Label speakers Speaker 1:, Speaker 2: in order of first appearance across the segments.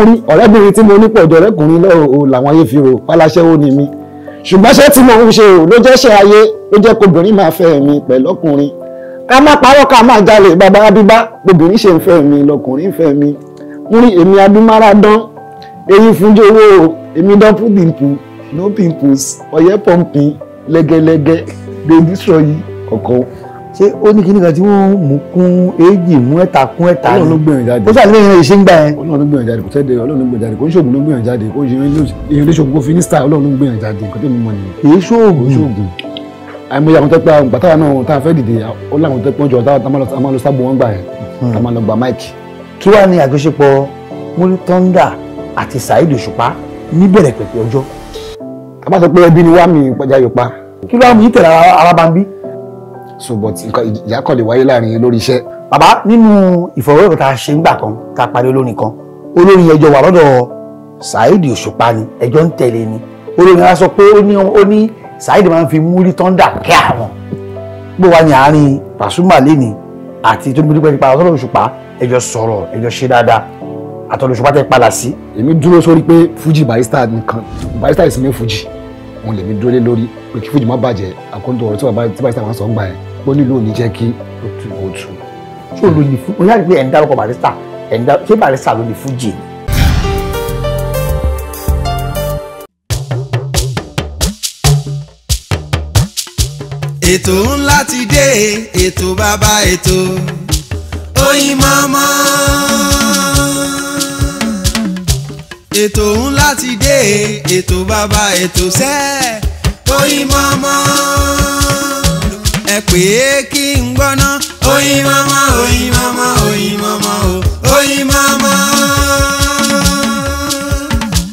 Speaker 1: orí ọ̀rẹ́bìnrin tí mo ní pọ̀ jọ ọ̀rẹ́kùnrin lọ́wọ́ làwọn ayé fi rò páláṣẹ́wó ni mí ṣùgbọ́n ṣé tí mo ń ṣe ò ló jẹ́ ṣe ayé ló jẹ́ kóbìnrin máa fẹ́ mi pẹ̀lú ọkùnrin ká má parọ́ ká má jalè bàbá abíbá kóbìnrin ṣe ń fẹ́ mi lọkùnrin ń fẹ́ mi orí èmi adúmára dán eyín fúnjẹ owó o èmi dán fún pimpu no pimples ọ̀yẹ́ pọ̀mpì lẹ́gẹ́lẹ́gẹ́ dey destroy ọkọ̀ ṣé ó ní kíní kan tí wọ́n mú kún èjì mú ẹ̀ta kún ẹ̀ta ni ó sàlẹ̀ ìrìn ìṣe ń gbà yẹn. ọlọ́run ló gbìyànjú jáde kò sẹ́dẹ̀ ọlọ́run ló gbìyànjú jáde kò ń ṣoògùn ló gbìyànjú jáde kò ń ṣe ìrìn ìṣoògùn kò fi ní style ọlọ́run ló gbìyànjú jáde nǹkan tó ní mọ̀ nìyẹn. kì í ṣoògùn àìmọye àwọn tẹ́pẹ́ àwọn gbàtà náà tá a fẹ́ dìde ó láwọn tẹ́pẹ́ ọjọ́ tá a máa lọ sábò wọn gbà yẹn hmm. tá a máa lọ gba máìkì. kí wàá ní àjọṣepọ̀ múlí tọ́ndà àti Saheed Òṣùpá níbẹ̀rẹ̀ pẹ̀pẹ̀ ọjọ́. a bá sọ pé ẹbí ni wàá mi ìpàjà yòpa. kí ló wàá mú yìí tẹ̀lé ara bá ń bí so but ìjà kò lè wáyé láàrin yín lórí iṣẹ́. bàbá nínú ìfọwọ́rọ̀ tá a ṣe ńgbà kan tá a parí olórin kan olórin ẹjọ́ wà lọ́dọ̀ Saheed Òṣùpá ni ẹjọ́ ń tẹ̀lé ni olórin wa sọ pé ó ní Saheed máa ń fi múrí tọ́ndà kẹ́ àwọn gbé wa ní àárín Pasuma lẹ́ni àti tó ń bí pẹ́ẹ́pẹ́ àtọ́lọ́ Òṣùpá ẹjọ́ sọ̀rọ̀ ẹjọ́ ṣe dáadáa àtọ́lọ́ Òṣùpá tẹ́ padà sí. èmi dúró sórí pé Fuji barista nìkan barista ìsinmi Fuji òun lèmi dúró lé lórí pé kí Fuji má bàjẹ́ àkóńtò ọ̀rọ̀ tí barista wọn sọ ń gbà yẹn ó nílò òní jẹ́ kí ó tu ìwò tu ṣó ló ní fún mo yára pé ẹ̀ ń barista ẹ̀ ṣé barista ló ní fújì ni. ètò ńlá ti dé ètò bàbá ètò Oyinmomo ètò ńlá ti dé ètò bàbá ètò sẹ́ẹ̀ Oyinmomo ẹ pè é kí n gbọ́ná. oyin mama oyin mama oyin mama o oyin mama.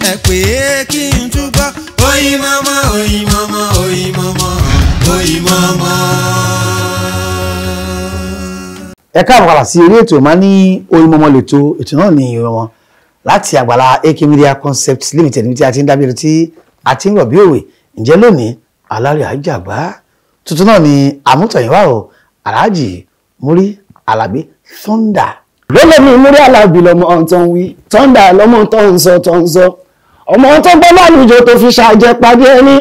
Speaker 1: ẹ pè é kí n túbọ̀. oyin mama oyin mama oyin mama oyin mama. ẹ káàbọ̀ padà sí orí ètò máa ní oyin mọ́mọ́ lètò ètò náà ní ìwé wọn láti àgbàlá AK Media Concepts Limited níbi tí a ti ń dábìrì tí a ti ń rọ̀ bí òwe ǹjẹ́ lónìí alárẹ̀ àjàgbá tuntun náà ni àmútọ̀yìnwá o aláàjì múrí alábí thunder. lọ́lọ́mí múrí alábí lọ́mọ tó ń wí thunder lọ́mọ tó ń sọ tó ń sọ ọmọ tó gbọ́ lálùjọ tó fi ṣàjẹ pàdé ẹni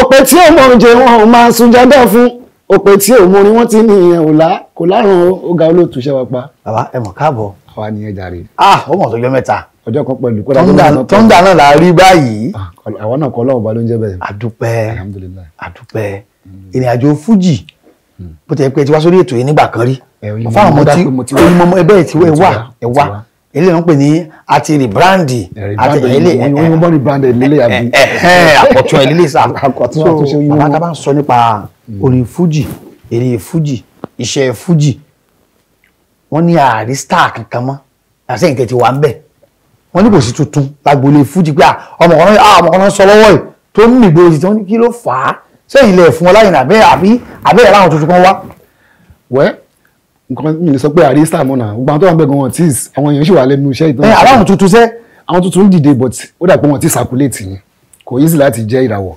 Speaker 1: òpè tí ò mọ oúnjẹ wọn ò máa sun jọdọ fún òpè tí ò mọ orin wọn ti ní ìyẹn ò kò lárùn ọgá olóòtú ṣẹwà pa. bàbá ẹ mọ̀ káàbọ̀. àwa ni ẹ jàre. ah ó mọ̀ tó jọ mẹ́ta ọjọ́ kan pẹ̀lú kódà tọ́ndà náà la rí báyìí. Ah, àwọn náà kọ́ ọlọ́run ọba ló bẹ́ẹ̀. àdúpẹ́ àdúpẹ́ ìrìn àjò fújì bó ti yẹ pé ẹ ti wá sórí ètò yìí nígbà kan rí fáwọn ọmọ tí onímọ̀ ẹgbẹ́ ẹ̀ ti wá ẹ̀ wá ilé ń pè ní àti rìbráǹdì àti ilé ìwọ̀n bọ́ rìbráǹdì ilé àbí àkọ́tún ilé sá àkọ́tún àtúnṣe yìí wọn bá ń sọ nípa hmm. orin fújì èrè fújì iṣẹ́ fújì wọ́n ní ààrí star kankan mọ́ àṣẹ nǹkan ti wà ń bẹ̀ wọ́n ní kò sí tuntun lágboolé fújì pé ọmọ kan náà sọ lọ́wọ́ ẹ̀ tó ń mìgboro sí tí kí ló fà á sẹ́yìn ilẹ̀ fún ọláyìn àbẹ́ àbí àbẹ́ ẹ̀rọ àwọn tuntun kan wá. wẹ́ nǹkan mi lè sọ pé àrísà mọ̀ náà gbogbo àwọn tó wà ń bẹ̀ gan wọn tíì àwọn èèyàn sì wà lẹ́nu iṣẹ́ ìtàn. ẹ aláwọn tuntun sẹ́. àwọn tuntun ń dìde but ó dà pé wọn ti circulate ni kò easy láti jẹ́ ìràwọ̀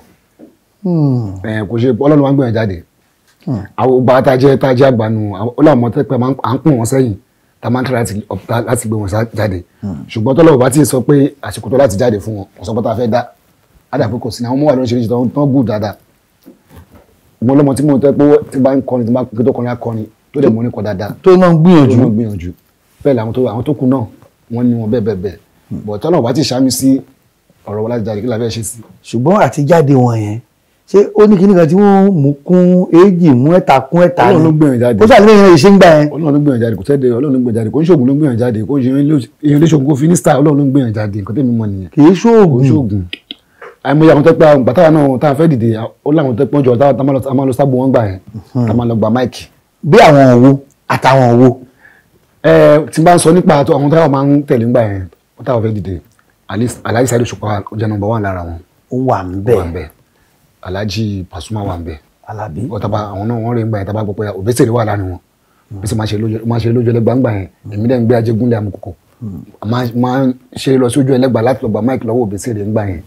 Speaker 1: hmm. kò ṣe ọlọ́run wa ń gbìyànjú jáde hmm. àwọn ọba tajẹ́ tajẹ́ àgbànú ọlọ́run mọ́tẹ́pẹ́ à ń pọ̀ wọn sẹ́yìn mo lọ́mọ tí mo tẹ́ pé tí bá ń kọrin tí bá kí tó kọrin akọrin tó dẹ̀ mọ́ ní kọ dáadáa. tó náà gbìyànjú tó náà gbìyànjú bẹ́ẹ̀ làwọn tó àwọn tó kù náà wọ́n ní wọn bẹ́ẹ̀ bẹ́ẹ̀ bẹ́ẹ̀ hmm. bọ̀ tọ́lọ̀ wá ti sàmì sí ọ̀rọ̀ wọn láti jáde kí la fẹ́ ṣe sí. ṣùgbọ́n àti jáde wọn yẹn ṣé ó ní kíní kan tí wọ́n mú kún èjì mú ẹ̀ta kún ẹ̀ta ni ó sàlẹ̀ yẹn ṣe ń gbà yẹn. ọlọ́run ló gbìyànjú jáde kò tẹ́ de àìmọye àwọn tẹ́pẹ́ àwọn gbàtàrà náà tá a fẹ́ dìde ó láwọn tẹ́pẹ́ oúnjẹ ọ̀tá tá a máa lọ sábò wọn gbà yẹn tá hmm. a máa lọ gba máìkì. bí àwọn òwò àtàwọn òwò. ẹ tí n bá ń sọ nípa àwọn táwọn máa ń tẹ̀lé ńgbà yẹn wọ́n táwọn fẹ́ dìde alhaji saidu ṣùpá ọjà nọ́mbà wà lára wọn. ó wà ń bẹ wà ń pasuma wà ń bẹ. alabi ọtaba àwọn náà wọn rè ńgbà yẹn tá a bá gbọ́ pé òbẹ́sẹ̀rẹ̀ wà láàrin wọn hmm. bísí máa ṣe lójú ẹlẹgbàá ńgbà yẹn hmm. èmi dẹ́ ń gbé ajégúnlé amukoko máa ń ṣe lọ sójú ẹlẹgbàá láti lọ gba máìkì lọ́wọ́ òbẹ́sẹ̀rẹ̀ ńgbà yẹn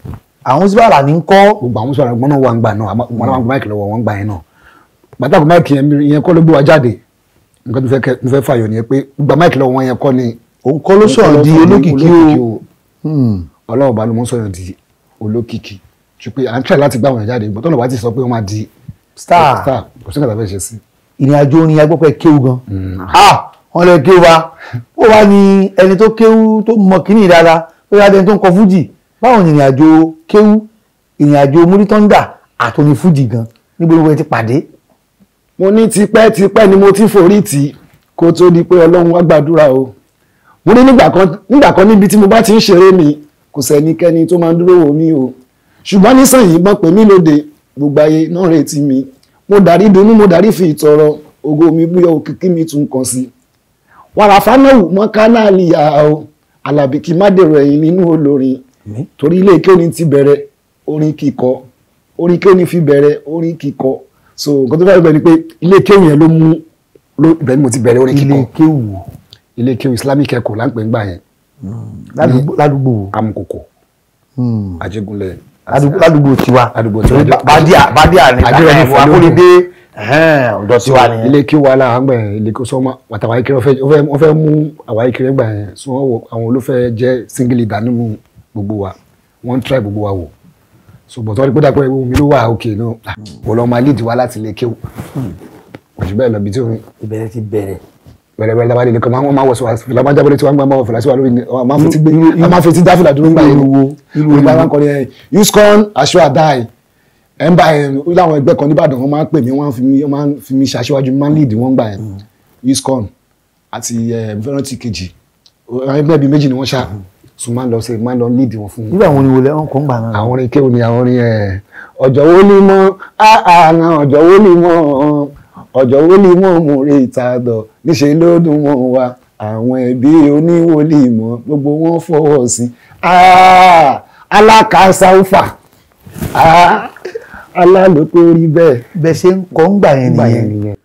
Speaker 1: àwọn síbára ní kọ́. gbogbo àwọn síbára gbọ́n náà wà ń gbà náà wọn náà wọn máìkì lọ́wọ́ wọn gbà yẹn náà pàtàkì máìkì yẹn kọ́ ló gbé wa jáde nǹkan tó fẹ́ fàyọ̀ nìyẹn pé gba máìkì lọ́wọ́ yẹn kọ́ ni. òun kọ́ ló sọ̀rọ̀ di olókìkí o ọlọ́run balùwẹ̀ ń sọ̀rọ̀ di olókìkí ṣùgbọ́n hmm. à ń tẹ̀ láti gbà wọ́n jáde ìgbọ́n tọ́lọ̀ wá ti sọ pé wọ́n máa di star kò sí kàtà fẹ́ ṣe sí. ìrìn àjò orin agbọ́pẹ́ kéwu báwo ni ìrìnàjò kéwú ìrìnàjò múrítọ́ndà àtòní fújì gan níbo ló ti pàdé. mo ní tipẹ́tipẹ́ ni mo ti forí tì kó tó di pé ọlọ́run wá gbàdúrà o mo ní nígbà kan níbi tí mo bá ti ń ṣeré mi kò sẹ́nikẹ́ni tó máa ń dúró wò mí o ṣùgbọ́n nísànyí mọ̀ pé mí lóde gbogbo ayé náà retí mi mo dàrí dunú mo dàrí fi ìtọrọ ògo mi búyọ òkìkí mi tún kàn sí wàràfà náà wù mọ́ kánáàlì yàá o àlàbí má dèrò ẹ̀yìn nínú olórin torí ilé kéwìn ti bẹ̀rẹ̀ orin kíkọ orin kéwìn fi bẹ̀rẹ̀ orin kíkọ so nǹkan tó bá bẹ̀rẹ̀ ni pé ilé kéwìn yẹn ló mú ló bẹ̀rẹ̀ mo ti bẹ̀rẹ̀ orin kíkọ ilé kéwù ilé kéwù islamic ẹ̀kọ́ láǹpẹ̀ ń gbà yẹn hmm. ládùúgbò amukoko àjẹgúnlẹ̀ hmm. ládùúgbò tiwa ládùúgbò tiwa bàdíà bàdíà ni àjẹgúnlẹ̀ fún akólídé ọ̀dọ̀ tiwa ni. ilé kí wa la àgbẹ̀ ilé kí sọ́mọ́ àtàwọn ayíkiri wọ́n fẹ́ mú àwọn ayíkiri gbà yẹn sọ́wọ́ àwọn olófẹ́ jẹ́ single ìdánimú gbogbo wa wọ́n ń try gbogbo wa wò so bọ̀tọ́ rí pé dàpọ̀ ìwé omi ló wà òkè náà wọ́n lọ́ọ́ máa lead wa láti lè kéwù kò jù bẹ́ẹ̀ lọ bí tí òun. ìbẹ̀rẹ̀ ti bẹ̀rẹ̀ wẹ̀rẹ̀wẹ̀rẹ̀ labalẹ̀ nìkan máa ń máa wọ̀sọ̀ fìlà máa jábọ̀lẹ̀ tí wọ́n gbà máa wọ̀ fìlà sí wa lórí a máa fetí dáfìlà dúró ńgbà yẹn wo nígbà wọn kọrin ẹ uscon aṣọ àdáì ẹ ń bá ẹ láwọn ẹgbẹ́ kan níbàdàn wọn máa ń pè mí wọ́n máa ń fi mi ṣàṣewájú máa ń lead wọn gbà yẹn mm. uscon àti eh, fẹ́rántì kejì ẹgbẹ́ bíi méjì ni wọ́n ṣá mm so máa ń lọ ṣe máa ń lọ lead wọn fún mi. nígbà wo ni wo lẹ ọkọ ń gbà náà. àwọn orin kéwòn ni àwọn orin ẹ ọjọ́ wo ni mọ àná ọjọ́ wo ni mọ ọjọ́ wo ni mọ mo rí ìtàdọ níṣẹ ló dùn mọ́ wa àwọn ẹbí oníwòlíì mọ gbogbo wọn fọwọ́ sí alákàásáúfà alálòpọ̀ orí bẹ́ẹ̀. bẹ́ẹ̀ ṣe ń kọ́ ń gbà yẹn nìyẹn.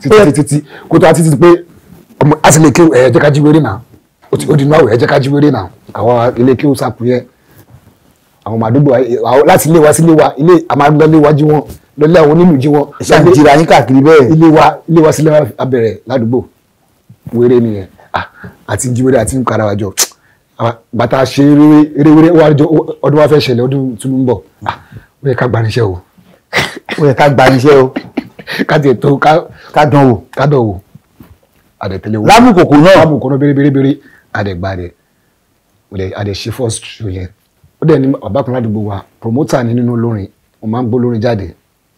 Speaker 1: títí títí kó tó títí pé a sì lè kéwòn ẹ̀ẹ́dẹ́kájú wéré náà ó ti nú àwẹ̀ ẹ jẹ́ ká jí wéré náà àwọn ilé kí ó sàkú yẹn àwọn àdúgbò láti ilé wa sí ilé wa ilé àmàlọ́lé wa jí wọn lọ́lé àwọn onílù jí wọn. ṣé àti jìrà yín káàkiri bẹ́ẹ̀. ilé wa ilé wa sí ilé wa abẹ̀rẹ̀ ládùúgbò wéré nìyẹn àti ah, jí wéré àti nkàrà wájọ bàtà ṣe eré ọdún wa fẹ́ ṣẹlẹ̀ ọdún tún ń bọ̀ ah, ó yẹ ká gbaniṣẹ́ o. ó yẹ ká gbaniṣẹ́ o. ká tiẹ̀ tó ká dán wò. ká dán wò. àdẹ̀tẹ̀lẹ̀ wò. lábùkòkò náà lábùkòkò náà bérebérébéré àdẹ̀gbàdẹ àdẹ̀ṣe first show yẹn ó dẹ̀ ní ọ̀bákùnrin àdúgbò wa promoter ni nínú olórin mo máa ń gbó lórin jáde.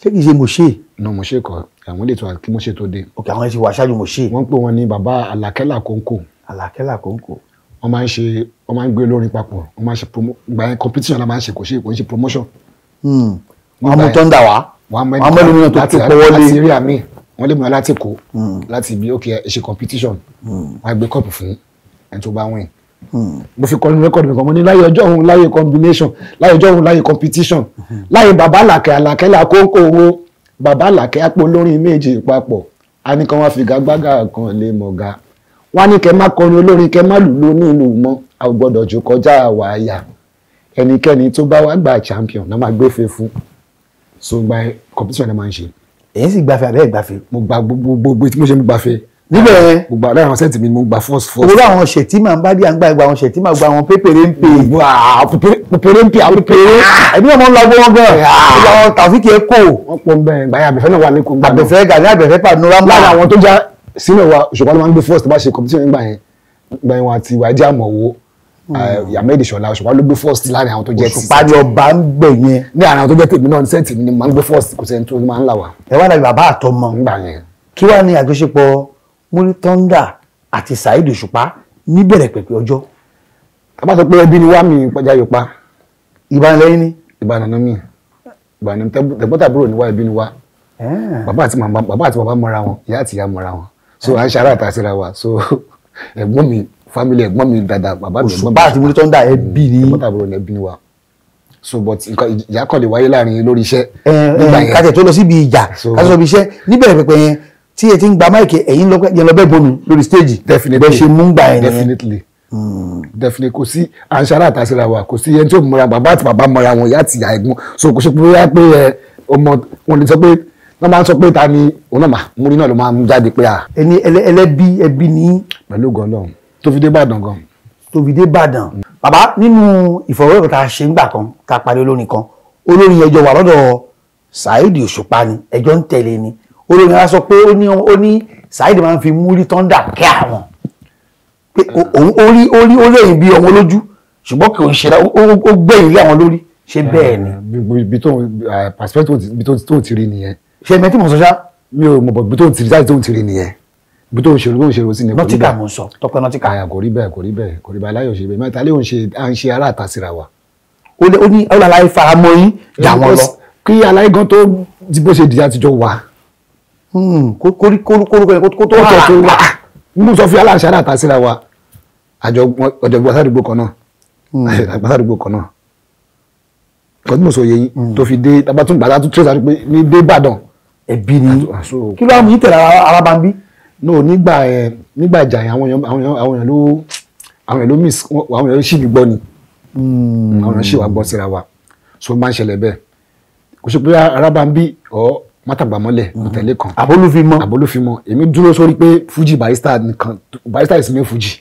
Speaker 1: ṣé kìí ṣe mòṣe. náà mòṣe kọ àwọn ilé ìtura kí mòṣe tó dé. ok àwọn ẹ ti wà ṣáájú mòṣe. wọ́n pè wọ́n ní bàbá alakẹ́là kónkò. alakẹ́là kónkò. wọ́n máa ń ṣe wọ́n máa ń gbé olórin papọ̀ wọ́n máa ń ṣe gba competition la máa ń ṣe kò ṣe kò ń ṣe promotion. Hmm. wọ́n mú tó ń dà wá. wọ́n mú ẹni mìíràn tó ti pọ́wọ́ lé. láti rí àmì wọ́n lé mi láti kó hmm. láti ibi ok ẹ ṣe competition hmm. wọ́n á gbé kọ́ọ̀pù fún ẹni tó bá win. Hmm. mo fi kọ́ ní rẹ́kọ̀dì mi kan mo ní láyé ọjọ́ òun láyé combination láyé ọjọ́ òun láyé competition hmm. láyé bàbá àlàkẹ́ àlàkẹ́ là kóńkó owó bàbá àlàkẹ́ àpò olórin méje papọ̀ a ní kan wá fi gágbága kan lè mọ̀ ga wá ní kẹ́ má kọrin olórin kẹ́ má lùlù onílù mọ́ a ò gbọ́dọ̀ jù kọjá àwa àyà ẹnikẹ́ni tó bá wá gba champion náà máa gbéfe fún so gba competition náà máa ń ṣe. èyí sì gbafẹ́ àbẹ́ ìgbafẹ́. mo gba gbogbo gbogbo tí mo ṣe ń gbafẹ́ níbẹ̀ yẹn gbogbo àdá àwọn sẹ́ǹtì mi ni mo gbà fọ́ọ̀sì fọ́ọ̀sì. owó àwọn ṣètìmà ń bá dí àgbà ìgbà àwọn ṣètìmà gba àwọn pépèrè ń pè. pépèrè ń pè àwọn pépèrè. Ah! ẹbí náà mo ń lọ gbọ́ wọn gan. Ah! gbogbo àwọn tàfíkì ẹ kò. wọ́n pọ̀ ń bẹ̀rẹ̀ gbàyà àbẹ̀fẹ́ náà wà ní kò gbà. àbẹ̀fẹ́ gàdí àbẹ̀fẹ́ pàdánù rámbà. lára àwọn tó já sínú wa ṣùgbọ́n máa ń gbé fọ́ọ̀sì tó bá ṣe competition nígbà yẹn gbà yẹn wọn àti ìwà ẹjẹ àmọ̀wò hmm. ah, yàmẹ́ẹ̀dì ṣọ̀la ṣùgbọ́n ni ọba ń gbẹ̀ yẹn. ní àárín àwọn mi ni màá ń gbé fọ́ọ̀sì kò sẹ́ni tó máa ń là wá. ẹ wá múrí thunder àti saheed òṣùpá níbẹ̀rẹ̀ pẹ̀pẹ̀ ọjọ́. tábà sọ pé ẹbí ni wá mi ìpàjá yóò pa ìbánilẹ́yìn ni. ìbànújẹ́ mi ìbànújẹ́ tẹ̀gbọ́tàbúrò ni wá ẹbí ni wá bàbá àti màmá bàbá àti bàbá mọ́ra wọn ìyá àti ìyá mọ́ra wọn so à ń ṣara àtà síra wa so ẹ̀gbọ́n mi family ẹ̀gbọ́n mi dada bàbá mi ẹ̀gbọ́n mi bàbá àti múrí thunder ẹbí ni tẹ̀gbọ́tàbúrò ni ẹbí ni wá so but nǹkan ìjà kò lè wáyé láàrin lórí iṣẹ́. ẹ ẹ kájẹ tó lọ síbi ìjà kájọ sọ bí iṣẹ́ níbẹ̀rẹ̀ pẹ̀pẹ̀ yẹn tí ẹ ti ń gba máìkì ẹ̀yin lọ́bẹ̀ bomi lórí stage definitely bẹ́ẹ̀ ṣe mú gbà ẹ̀ definitely definitely kò sí àǹṣárá àtàṣírà wa kò sí ẹni tí ò mọra bàbá àti bàbá mọra wọn ìyá àti ìyá ẹ̀gbọ́n so kò ṣe pé ó yá pé ẹ ọmọ wọn lè sọ pé wọ́n máa ń sọ pé ta ni òun náà mú rí náà ló máa ń jáde pé a. ẹni ẹlẹ́bí ẹbí ní. pẹ̀lú gọ́lọ́n tó fi dé Ìbàdàn gan. tó fi dé Ìbàdàn. bàbá nínú ìfọwọ́rọ̀ tá a ṣe ń ni olórin wa sọ pé ó ní ó ní Saheed máa ń fi múrí tó ń dà kẹ́ àwọn pé òun ó rí ó rí ó lẹ́yìn bí ọmọ lójú ṣùgbọ́n kì í ṣe ó gbẹ̀yìn lé àwọn lórí ṣé bẹ́ẹ̀ ni. ibi tó perspective ibi tó ti rí nìyẹn. ṣe ẹ̀mẹ́tì mọ̀ sọ́sá. mi ò mọ̀ bọ̀ ibi tó ti rí láti tó ti rí nìyẹn ibi tó ń ṣerú tó ń ṣerú sí ni. nọtíkà mo sọ tọpẹ nọtíkà. kò rí bẹ́ẹ̀ kò rí bẹ́ẹ̀ kò rí bẹ́ẹ̀ aláyọ̀ ṣe bẹ́ẹ̀ mẹ́ta lé òun ṣe à ń ṣe ará àtàsíra wa. ó ní ó ní ọlọ́lá ìfaramọ́ yín dà wọ́n lọ. kí aláìgán tó bó ṣe dìde àtijọ́ wa kórúkọ yẹn kó tó wà tó wà mú sọ fi aláṣà náà ta síra wa àjọgbọ́n sádùgbò kan náà hmm. àjọgbọ́n sádùgbò kan náà kọ́tí mo sọ yẹ yín hmm. tó fi dé tabatún gbàdá tó tẹ̀sán pé ní dé Ìbàdàn ẹ̀bí ni kí ló wà mú yín tẹ̀lé arábàmbí. no nígbà ẹ nígbà ìjà yẹn àwọn èèyàn àwọn èèyàn ló àwọn èèyàn ló miss àwọn èèyàn ló ṣì mí gbọ́ ni hmm. àwọn èèyàn ṣì wà gbọ́ síra wa so máa ń ṣẹlẹ̀ bẹ́ẹ̀ kò ṣe pé arábàmbí ọ̀ mátàgbàmọ́lẹ̀ ìtẹ̀lé mhm. kan àbólúfimọ́ àbólúfimọ́ èmi dúró sórí pé Fuji barista nìkan barista ìsinmi Fuji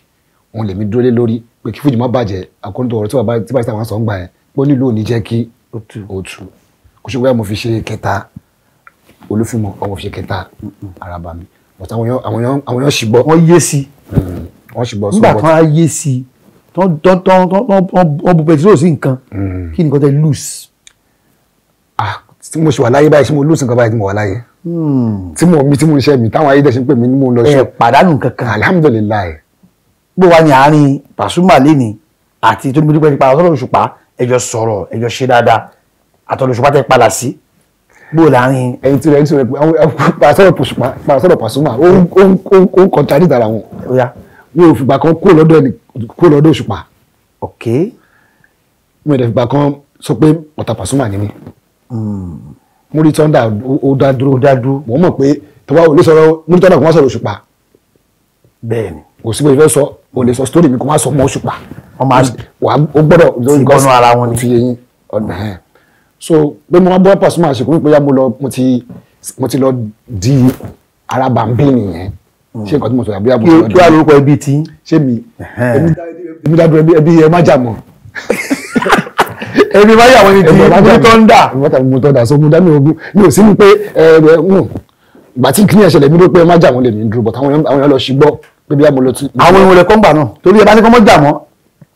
Speaker 1: òun lèmi dúró lé lórí pé kí Fuji má bàjẹ́ àkóńtò ọ̀rọ̀ tí barista wọn sọ ń gbà yẹn pé ó nílò òní jẹ́ kí òtù kò ṣe wẹ́ẹ́ mo fi ṣe kẹta olúfimọ́ ọmọ fi ṣe kẹta araba mi but àwọn èèyàn àwọn èèyàn ṣìgbọ́. wọ́n yé sí mm. wọ́n ṣìgbọ́ sọ́wọ́ nígbà tó wọ́n yé sí tán tán tán tán bù pẹ̀tírò sí nǹkan mm. kí nìkan tẹ́ lose tí mo ṣe wà láyé báyìí ṣé mo lóòsàn kan báyìí tí mo wà láyé hmm. tí mo mi tí mo ń ṣe mi táwọn ayé dẹ́sẹ̀ ń pè ni mo lọ ṣe. ẹ pàdánù kankan alihamudulilayi. gbé wa ní àárín Pasuma lẹ́ni àti tó ń bí dúpẹ́ nípa àtọ́lọ́ òṣùpá ẹjọ́ sọ̀rọ̀ ẹjọ́ ṣe dáadáa àtọ́lọ́ òṣùpá tẹ́ padà sí bó láàrin. ẹyin tí rẹ ń sọ̀rọ̀ pàṣọrọ Pasuma ó ń kọjá nídàra wọn wọn ò fìgbà kan kó lọ́dọ̀ òṣùpá. ok. wọn ò dẹ̀ fìgbà kan sọ pé ọ̀tá Pasuma ni mí. Mm. múrí tọ́ndà ó dá dúró ó dá dúró mo mọ̀ pé tọ́wá ò lè sọ̀rọ̀ múrí tọ́ndà kò má sọ̀rọ̀ òṣùpá bẹ́ẹ̀ni kò sí pé ìfẹ́ sọ ò lè sọ sítórì mi kò má sọ mọ́ òṣùpá ó gbọ́dọ̀ lórí gọ́nà ara wọn fi yẹn ọ̀nà ẹ̀ so pé mo wá bọ́ Pasuma àṣekú pé yá mo lọ mo ti lọ di ara bàbí nìyẹn mm. ṣé nǹkan tí mo sọ yàgbé àbúrò kí wàá lórúkọ ẹbí tí ṣé mi èmi dá ẹbí ẹ má jà mọ́ ẹni máa yà wọ́n ní ti mutọ́ndà. mutọ́ndà so mutọ́ndà mi ò gún mi ò sí ní pé ìgbà tí kìnìyàn ṣẹlẹ̀ mi ló pé ẹ má jà wọ́n lè mí dúró but àwọn èèyàn lọ ṣùgbọ́ pé bí amọ̀ lọ tún. àwọn èèyàn lè kọ́ ń gbà náà torí ẹ bá ní kọ́ mọ́ jà mọ́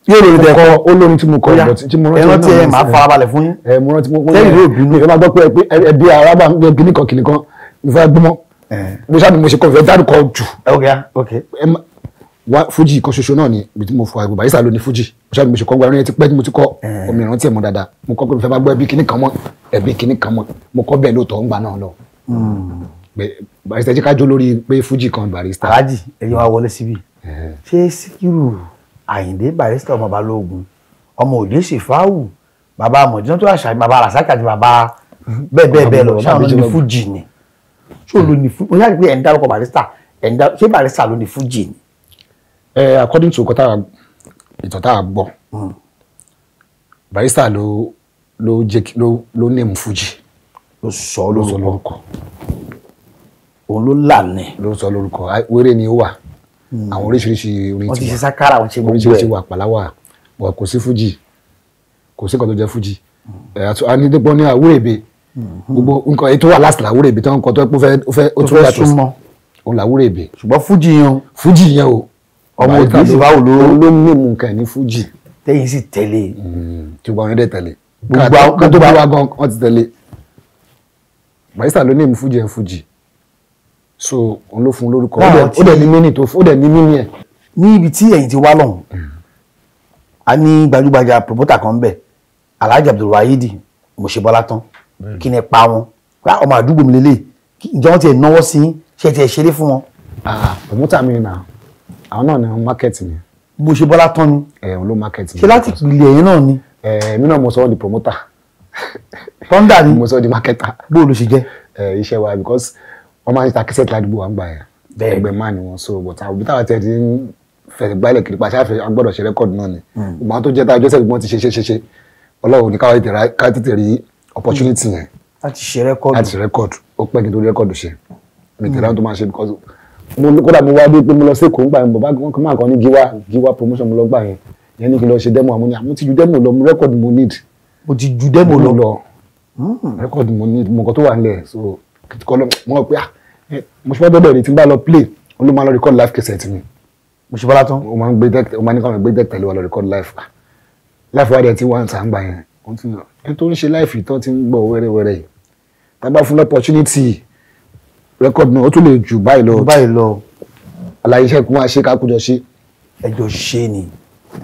Speaker 1: yóò lè dẹ̀ kọ́ olórin tí mo kọ́ ọ̀dọ̀ tí mo rántí ẹran tí ẹ máa farabalẹ̀ fún yín. ẹ mo rántí mo kọ́ ẹ̀rọ ìbínú ẹ máa gbọ́ pé ẹbí arábà ń gbé kíní kan kìnìkan ìfẹ́ gbọ́mọ́ bó ṣáà ni mo ṣe kọ́ ìfẹ́ dárúkọ jù wa fuji kan ṣoṣo náà ni ibi tí mo fọ àgbò barista ló ní fuji mo ṣáà ní mo ṣe kọ́ gba ẹni tí pẹ́ tí mo ti kọ́ eh. omi ìrántí ẹ̀ mọ́ dáadáa mo kọ́ pé mo fẹ́ bá gbọ́ ẹbí kìíní kan mọ́ ẹbí kìíní kan mọ́ mo kọ́ bẹ́ẹ̀ lóòótọ́ ń gbà náà lọ. Hmm. barista jẹ́ ká jó lórí pé fuji kan barista. aláàjì ẹ̀yin wa wọlé síbi eh. ṣé síkírù àyìndé barista ọmọ balógun ọmọ òde ṣèfáwù bàbá àmọ̀jọ́ tó àṣà bàbá àràsákì àti bàbá bẹ́ẹ̀ bẹ́ẹ̀ lọ fuji ni ṣé ò fuji mo ṣáà rí pé ẹ̀ ń dárúkọ barista fuji ni ẹ according to nǹkan tá a ìtàn tá a gbọ́ hmm. Barrister ló ló jẹ ló ló name Fuji ló sọ lórúkọ òun ló là ní ló sọ lórúkọ wéré ni ó wà hmm. àwọn oríṣiríṣi orin tiwa wọ́n ti ṣe sákàrà wọ́n ṣe gbogbo ẹ̀ oríṣiríṣi wà pàláwà wà kò sí Fuji kò sí nǹkan tó jẹ Fuji hmm. anidégbọ́ ní àwúrèbe gbogbo nǹkan èyí tó wà láti làwúrèbe tí wọ́n kọ́ tó fẹ́ ó tún yàtọ̀ òun làwúrèbe ṣùgbọ́n Fuji yẹn Fuji yẹn o ọmọ ògbésì báwo ló ló ń mímu nǹkan ní fújì tẹ́yìn sì tẹ̀lé. Hmm, tí gbogbo àwọn ẹ̀dẹ̀ tẹ̀lé gbogbo tó bá wá gan wọ́n ti tẹ̀lé barista ló ní èmi fújì ẹ̀ so òun ló fún un lórúkọ ó dẹ̀ ní mímì tó ó dẹ̀ ní mímì ẹ̀. ní ibi tí ẹ̀yin ti wá lọ́hùn hmm. a ní gbajúgbajà promoter kan bẹ̀ Alhaji Abdulwahidi Mosebola tán kí ni pa wọn ọmọ àdúgbò mi lélẹ̀ ìjọ wọn náwó sí ṣe ti ṣeré fún wọn. Ah, promoter mi náà àwọn náà ni market mi. bó ṣe bọ́lá tán ni. ẹ òun ló market mi. ṣe láti ìpìlẹ̀ yẹn náà ni. ẹ mi náà mo sọ di promoter. thunder ni mo sọ di marketer. bó o ló ṣe jẹ. ẹ iṣẹ́ wa because wọ́n máa ń ta kẹsẹ̀ tí ládùúgbò wa ń gbà yẹn. bẹ́ẹ̀ ẹgbẹ́ máa ni wọ́n so but àwọn òbí táwọn tẹ̀ ti ń fẹ̀rẹ̀ gbálẹ̀ kiri pàṣẹ àfẹ́ agbọ́dọ̀ ṣe record náà ni. ìgbà hmm. tó jẹ́ tá a jọ́sẹ̀ gbọ́n ti ṣe ṣe ṣe ṣe ọlọ́run ní ká tètè rí opportunity yẹn. láti ṣe record. láti ṣe record ó pẹ́ kí n tó rí record ṣe. mi tẹ̀lé àwọn tó máa ṣe because mo kódà mo wá dé pé mo lọ sí kòńgbà yẹn bàbá wọn kọ́ máa kàn ní giwa giwa promotion mo lọ gbà yẹn yẹn ní kí n lọ ṣe demo àmọ́ ni àmọ́ ti ju demo lọ mo record mo need. mo ti ju demo lọ lọ hmm. record mo need mo kàn tó wà nílẹ̀ so kọ́ lọ mo pe ah mo ṣe fẹ́ bẹ́ẹ̀ rẹ̀ tí n bá lọ play ó ló lọ record live cassette mi. mo ṣe bọ́lá tán. o máa ń gbé deck o máa ní káwọn gbé deck wa lọ record live ah. live wa dẹ̀ ti wá nǹkan gbà yẹn ẹni tó ń ṣe live ìtàn ti ń gbọ́ wẹ́rẹ́wẹ́rẹ́ yìí opportunity rẹ́kọ̀dì náà ó tún lè jù báyìí lọ. báyìí lọ. àlàyé iṣẹ́ kún wa ṣe kákújọ ṣe. ẹjọ ṣe ni.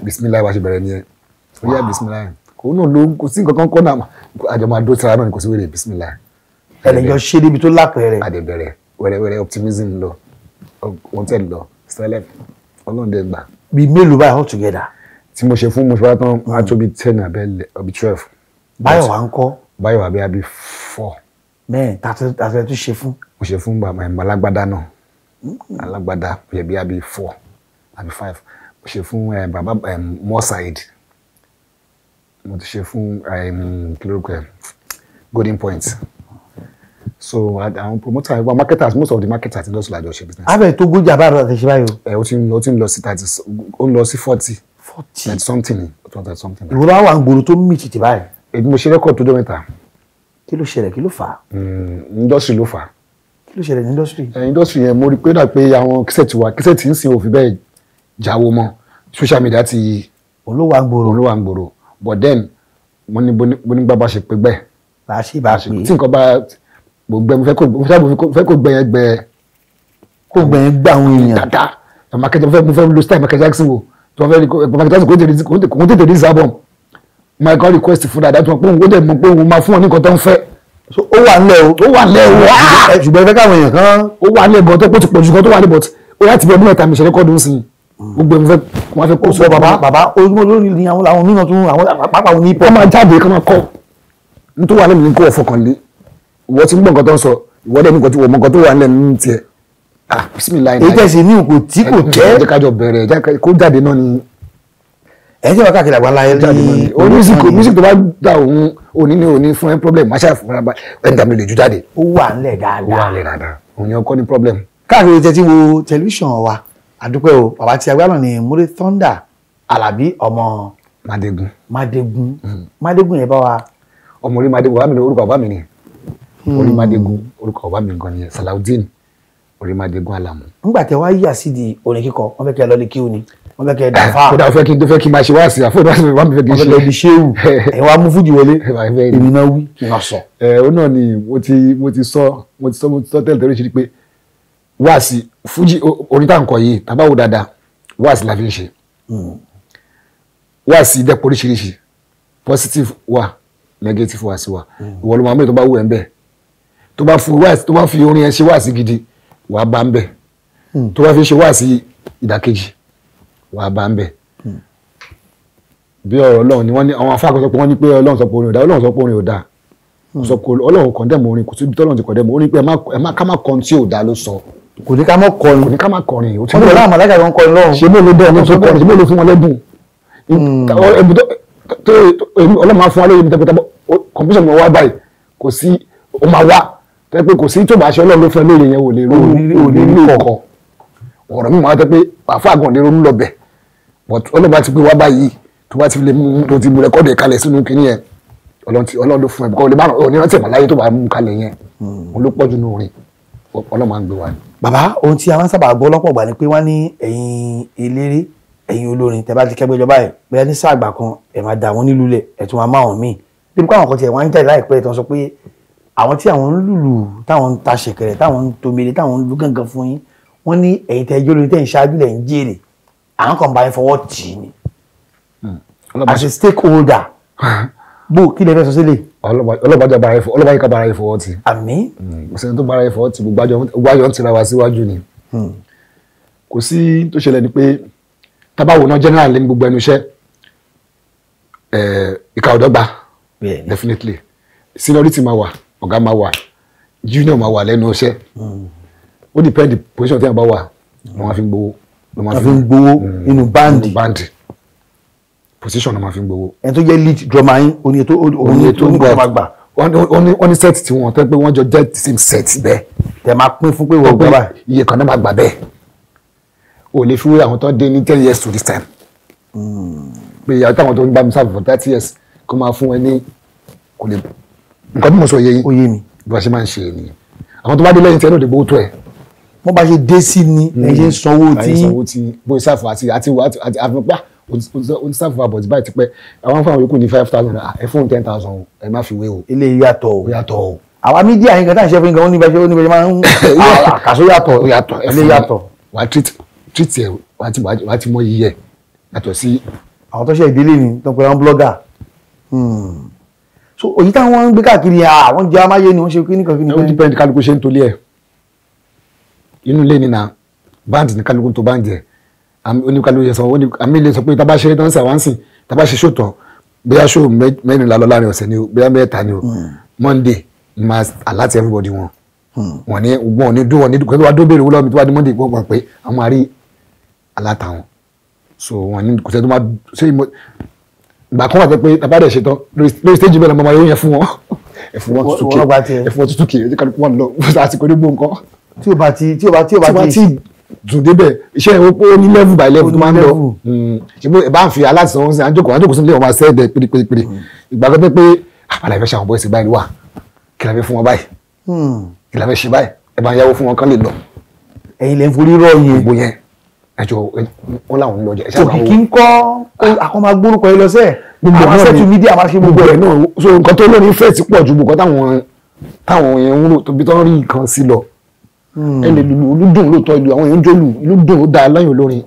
Speaker 1: bisimilayi wa ṣe bẹ̀rẹ̀ nìyẹn ó yá bisimilayi òun náà ló kò sí nǹkan kan kọ́ náà àjọ máa dó tira náà ni kò sí wèrè bisimilayi. ẹnìjọ ṣe níbi tó lápẹẹrẹ. àdèbẹrẹ wẹrẹwẹrẹ optimism lọ wanted lọ celeb ọlọ́ọ̀dẹ gbà. bíi mélòó báyìí all together. tí mo ṣe bẹ́ẹ̀ tàtẹ tún ṣe fún. mo ṣe fún bàbá ìmọ̀ alágbádá náà mm. alágbádá yẹ bí abi four abi five mo ṣe fún eh, bàbá eh, Moorside mo ti ṣe fún eh, kílórúkọ Golden Point so àwọn promoter àwọn marketers most of the marketers ti lọ sí làjọ ṣe business. abẹ tó gójà bá rà tẹsí báyìí. ẹ o ti ń lọ o ti ń lọ sí thirty o ń lọ sí forty. forty thirty something ni. ìwúrọ̀ àwọn àgbòrò tó mì tìtì báyìí. èmi mo ṣe rẹ́kọ̀dì tó dọ́ mẹ́ta kí ló ṣẹlẹ̀ kí ló fà á. Hmm, industry ló fà á. kí ló ṣẹlẹ̀ ní industry. Eh, industry yẹn mo rí pé dà pé àwọn kíṣẹ́ẹ̀tì wa kíṣẹ́ẹ̀tì ń sin òfin bẹ́ẹ̀ jáwó mọ́ social media ti. olówó àgbòrò olówó àgbòrò but then wọ́n ní bónígbà bá ṣe pé gbẹ́. bá a ṣe bá a pè é. tí nǹkan bá gbẹ mo fẹ́ kó gbẹ yẹn gbẹ. kó gbẹ yẹn gbẹ àwọn èèyàn. dáadáa mo fẹ́ lo style Michael Jackson wo tí wọ́n fẹ́ Michael Jackson kò tètè rí sábọ̀mù my God request fún dàda tó ń pé òun ó dẹ̀ mọ̀ pé òun máa fún ọ ní nǹkan tó ń fẹ́. ó wà ńlẹ̀ o. ó wà ńlẹ̀ o. ṣùgbọ́n ìfẹ́ ah! káwọn èèyàn kan. ó wà ńlẹ̀ bọ̀ tó pọ̀ jù kan tó wà ńlẹ̀ bọ̀ ó láti bí ọdún mẹ́ta mi ṣẹlẹ̀ kọ́ọ̀dù ń sìn gbogbo ẹ̀mí fẹ́ wọ́n fẹ́ kó sọ bàbá bàbá ojúmọ́ lórí ni àwọn làwọn mìíràn tún àwọn pàápàá òní pọ̀. wọ́n máa jáde kí wọ́n kọ́ nítorí wà lẹ́mìí kó ọ̀fọ̀ kan lé ìwọ tí ń gbọ́ nǹkan tó ń sọ ìwọ dẹ̀ nǹkan tí wọ́n mọ nǹkan tó ah bisimilayi. èyí tẹ̀sí ní kò tí kò tẹ́. ni ẹ jẹ́ wá káàkiri àgbàlá ẹ jáde mọ́ ni. o music o music tó bá gbà òun òní ni òní fún ẹ problem máa ṣàfihàn fún ẹnba ẹnìkan mi lè ju jáde. ó wà nílẹ̀ dáadáa ó wà nílẹ̀ dáadáa òun yẹn kọ́ ni problem. káàkiri tẹ́tí wo tẹlifíṣàn wa àdúpẹ́ o bàbá tí agbára ni múre thunder alabi ọmọ. madegun madegun madegun hmm. yẹn bá wa. ọmọ orí madegun bàbá mi ni orúkọ bàbá mi ni hmm. orí madegun orúkọ bàbá mi gan ni Salaudeen orí madegun alamu. ńgbà tẹ wá yíyà sídìí orin kíkọ wọn fẹ́ kí ẹ lọ lè kí o ni wọ́n fẹ́ kẹ́ ẹ dàfà. kódà fẹ́ kí n tó fẹ́ kí n máa ṣe wá sí àfọwọ́dà sí wàá mi fẹ́ kí n ṣe. ọ̀gẹ̀dẹ̀ ṣéwù ẹ wá mú fújì wọlé èmi náà wí kí n sọ. ẹ ó náà ni mo ti mo ti sọ mo ti sọ mo ti sọ tẹ́lẹ̀ tẹ́lẹ̀ ṣe pé wá sí fújì orin tá à ń kọ yìí tá a bá wò dáadáa wá sí la fi ń ṣe. Hmm. wá sí dẹ́pọ̀ oríṣiríṣi positive wa, negative wà sí hmm. wa ìwọ ló máa mú ètò bá wù ẹ́ ń tó bá fi ẹ gidi wàá bá ń bẹ̀ hmm. tó bá fi ṣe wà á bá ń bẹ̀. bí ọ̀rọ̀ ọlọ́run ni wọ́n ní àwọn afáàkọ́ sọ pé wọ́n ní pé ọlọ́run sọ pé orin ò dáa ọlọ́run sọ pé orin ò dáa sọ pé ọlọ́run kọ̀ndẹ̀mù orin kò síbi tọ́lọ́run ti kọ̀ndẹ̀mù orin pé ẹ má ká má kọrin tí ò dáa ló sọ. kò ní ká má kọrin kò ní ká má kọrin o ti bọ̀ láwọn màláìka ló ń kọrin lọ́run. ṣé bóòlù bẹ́ẹ̀ ni tó kọrin ṣé bóòlù fún wọn lẹ́bùn. Hmm. ọlọ́run máa fún mi tẹ́pẹ́tẹ́ kọ̀mpútà mi wá báyìí kò sí ó máa wá tẹ́ kò sí tó bá ṣe ọlọ́run ló fẹ́ but ọlọ́ba ti pé wá báyìí tó bá ti fi lè mú tó ti mú rẹ́kọ́dì kalẹ̀ sínú kínní yẹn ọlọ́run ló fún ẹ bọ́ ọlọ́ba ò ní rántí ẹ̀ láyé tó bá mú kalẹ̀ yẹn hmm. òun ló pọ̀jù nù rìn ọlọ́run máa ń gbé wa. bàbá ohun tí a máa ń sábà gbọ́ lọ́pọ̀ gbà ni pé wọ́n ní ẹ̀yin eléré ẹ̀yin olórin tẹ́ bá ti kẹ́gbẹ́ jọba ẹ̀ bẹ́ẹ̀ ní sáà àgbà kan ẹ̀ máa dà wọ́n nílùú lẹ̀ ẹ̀ tún máa máwọn míì bí nǹkan à ń kàn bá yín fọwọ́ tì í ni as a stakeholder bó kí lè fẹ́ sọ sílẹ̀. ọlọ́bàjọ́ bára yín ọlọ́bàjọ́ ká bára yín fọwọ́ tì. àmín. kò sẹ́ni tó bára yín fọwọ́ tì gbogbo àjọ ń tira wa síwájú ni. Hmm. kò sí tó ṣẹlẹ̀ ni pé tábàwò náà general ní gbogbo ẹnu iṣẹ́ ìka ọ̀dọ́gba definitely seniority máa wà ọ̀gá máa wà junior máa wà lẹ́nu iṣẹ́ hmm. ó depend position tí wọ́n bá wà wọ́n á fi gbowó ló máa fi ń gbowó mm. nínú báǹdì báǹdì position ló máa fi ń gbowó. ẹni tó jẹ́ lead drummer yín oní ètò oní ètò ń gbà gbà. wọ́n ní set tí wọ́n tẹ́ pé wọ́n jọ jẹ́ the same set bẹ́ẹ̀. tẹ̀ máa pín fún pé wọ́n gbà báyìí. iye kan náà máa gbà bẹ́ẹ̀ o lè fi wé àwọn tó dé ní ten years to this time. Mm. pé ìyá táwọn tó ń bá mi sáfù for thirty years kó máa fún ẹ ní kò lè nǹkan tí mo sọ yé yín. bí wọ́n ṣe máa ń ṣe é nìyẹn àwọn tó bá dé lẹ́yìn tí ẹ náà dé gbowó tó ẹ̀ wọ́n bá ṣe dé sí ni ẹ ṣe ń sanwó tí. ẹ ṣe ń sanwó tí bó ṣe ṣàfù àti àti àti àfihàn pé ó ti ṣàfù àbọ̀dì báyìí ti pẹ́ àwọn fáwọn yòókù ní five thousand ẹ fún ten thousand ẹ má fi wé o. ilé yàtọ̀ o yàtọ̀ o. àwa mídíà yín kan tá à ń ṣe fún yín kan ó ní bẹ ṣe ó ní bẹ ṣe máa ń àkàṣọ yàtọ̀ yàtọ̀ ilé yàtọ̀. wà á treat ẹ wà á ti mọ iyì yàtọ̀ sí. àwọn tó ṣe ìdílé ni tó ń pè wọn blogger so òyí táwọn ń gbé káàkiri àwọn jẹ amáyé ni wọn ṣe kí ní kankan ní. ó depend kálukú ṣe ń inú ilé nínà báńdì ní kálukú tó báńdì ẹ̀ oníkálukú yẹ sọ àmì ilé sọ pé tá a bá ṣe tán sàwọn sìn tá a bá ṣe ṣòtọ̀ bóyá ṣó mẹ́rin lálọ́ láàrin ọ̀sẹ̀ ni o bóyá mẹ́ta ni o hmm. monday ni máa aláti everybody wọn hmm. wọn ní wọn ò ní dún wọn ní kí wọn dóbèrè wúlọ mi tó wá di monday gbọ́n pé àwọn àrí alátàwọn so wọn ní kò sẹ́ tó máa ṣe ìmọ̀ gbà kán wà pé pé tàbá dẹ̀ ṣe tán lórí stage bẹ́ẹ̀ lọ́mọ máa yóò yẹn fún wọn ẹ̀fún wọn kì ẹ̀fún wọn tutù kì ẹ̀fún wọn tutù kì ẹ̀fún wọn lọ àsìkò ní gbó tí o bá ti tí o bá tí o bá ti dùn débẹ̀ iṣẹ́ ó ní level by level tó máa ń lọ mm. ṣùgbọ́n ìbá ń fi aláìsàn ọ̀hún sí àjòkò àjòkò sílẹ̀ wọn máa ṣẹ́ ẹ̀dẹ̀ pérépéré mm. ìgbàgbọ́ pé ah, pé àbálẹ̀ ìfẹ́ ṣàwọn bọ́ọ̀sì báyìí wà kí la fẹ́ fún wọn báyìí mm. kí la fẹ́ ṣe báyìí ẹ bá ń yáwó fún wọn kán lè lọ. ẹ̀yin lè forí rọ yẹn. gbogbo yẹn ẹjọ wọn làwọn ń lọ jẹ. òkìkí ń kọ́ àkọ́mọ agbórúkọ ah. yìí lọ́sẹ̀ àwọn sẹ́tù mídíà máa ṣe gbogbo rẹ̀ náà so nǹkan tó lónìí fẹ́ẹ̀ sí pọ̀ ju gbogbo táwọn táwọn Hmm. ẹnlẹ lulu olùdùn lóòótọ́ ìlú àwọn èèyàn jòlù olùdùn ó dáa lẹ́yìn olórin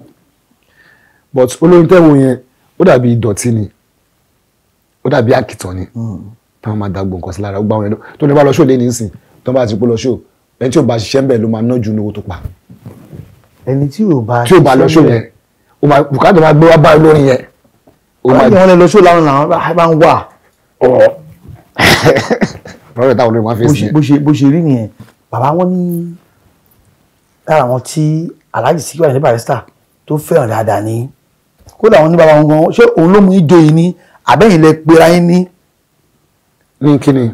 Speaker 1: but olórin tẹ́wọ̀n yẹn ó dàbí ìdọ̀tí ni ó dàbí àkìtàn ni hmm. táwọn máa dàgbò nǹkan sí lára ó gbà wọn ẹni tó ní bá lọ ṣó lé nísìn tó bá ti pọ̀ lọ ṣó ẹni tí ò bá ṣiṣẹ́ ń bẹ̀ ló máa ná ju owó tó pa. ẹni tí ò bá tí ò bá lọ ṣó yẹn o máa bùkátà máa gbé wá bá olórin yẹn. àwọn ènìyàn lè lọ ṣó láwọn làwọn bá ń wà. ọ̀rọ̀ táwọn olórin máa fèsì yẹn. bó ṣe rí nìyẹn bàbá wọn ní lára àwọn tí Alhaji Sikiru Ayinde Barrister tó fẹ́ràn dáadáa ni kódà àwọn oníbàbà wọn gan ṣé òun ló mú ìjọ yìí ní àbẹ́yìn lẹ pera yín ní. ní kíni.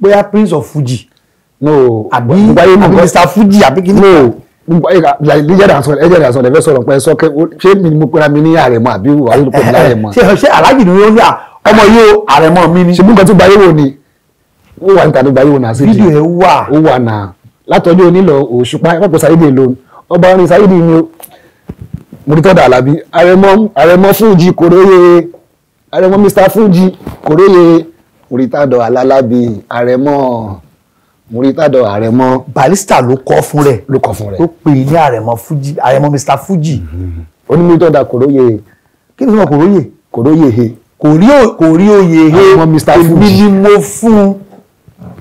Speaker 1: bóyá prince of Fuji. no àbí àbí Fuji àbí kíni. no ẹjẹ dà sọ̀rọ̀ ẹjẹ dà sọ̀rọ̀ ẹfẹ sọ̀rọ̀ pẹ sọkẹ ṣé mi ni mo pera mi ní àrẹ̀mọ àbí wàá lóko ní àrẹ̀mọ. ṣe ṣe aláàjì ni wọn ní ọmọ o àrẹ̀mọ mi ni. ṣe mú nǹkan tó látọjọ́ onílọ òṣùpá ẹ̀pọ̀ sáyédè lòun ọba orin sáyédè ni muritoda alabi àrẹ̀mọ àrẹ̀mọ fúnjì kòróye àrẹ̀mọ mr fúnjì kòróye muritadọ alalabi àrẹ̀mọ muritadọ àrẹ̀mọ. barista ló kọ fún rẹ ló kọ fún rẹ tó pè ní àrẹ̀mọ fújì àrẹ̀mọ mr fújì. onímuritoda mm-hmm. kòróye. kí ni sọ kòróye. kòróye he. kò rí òye he. àrẹ̀mọ mr fújì. èmi ni mo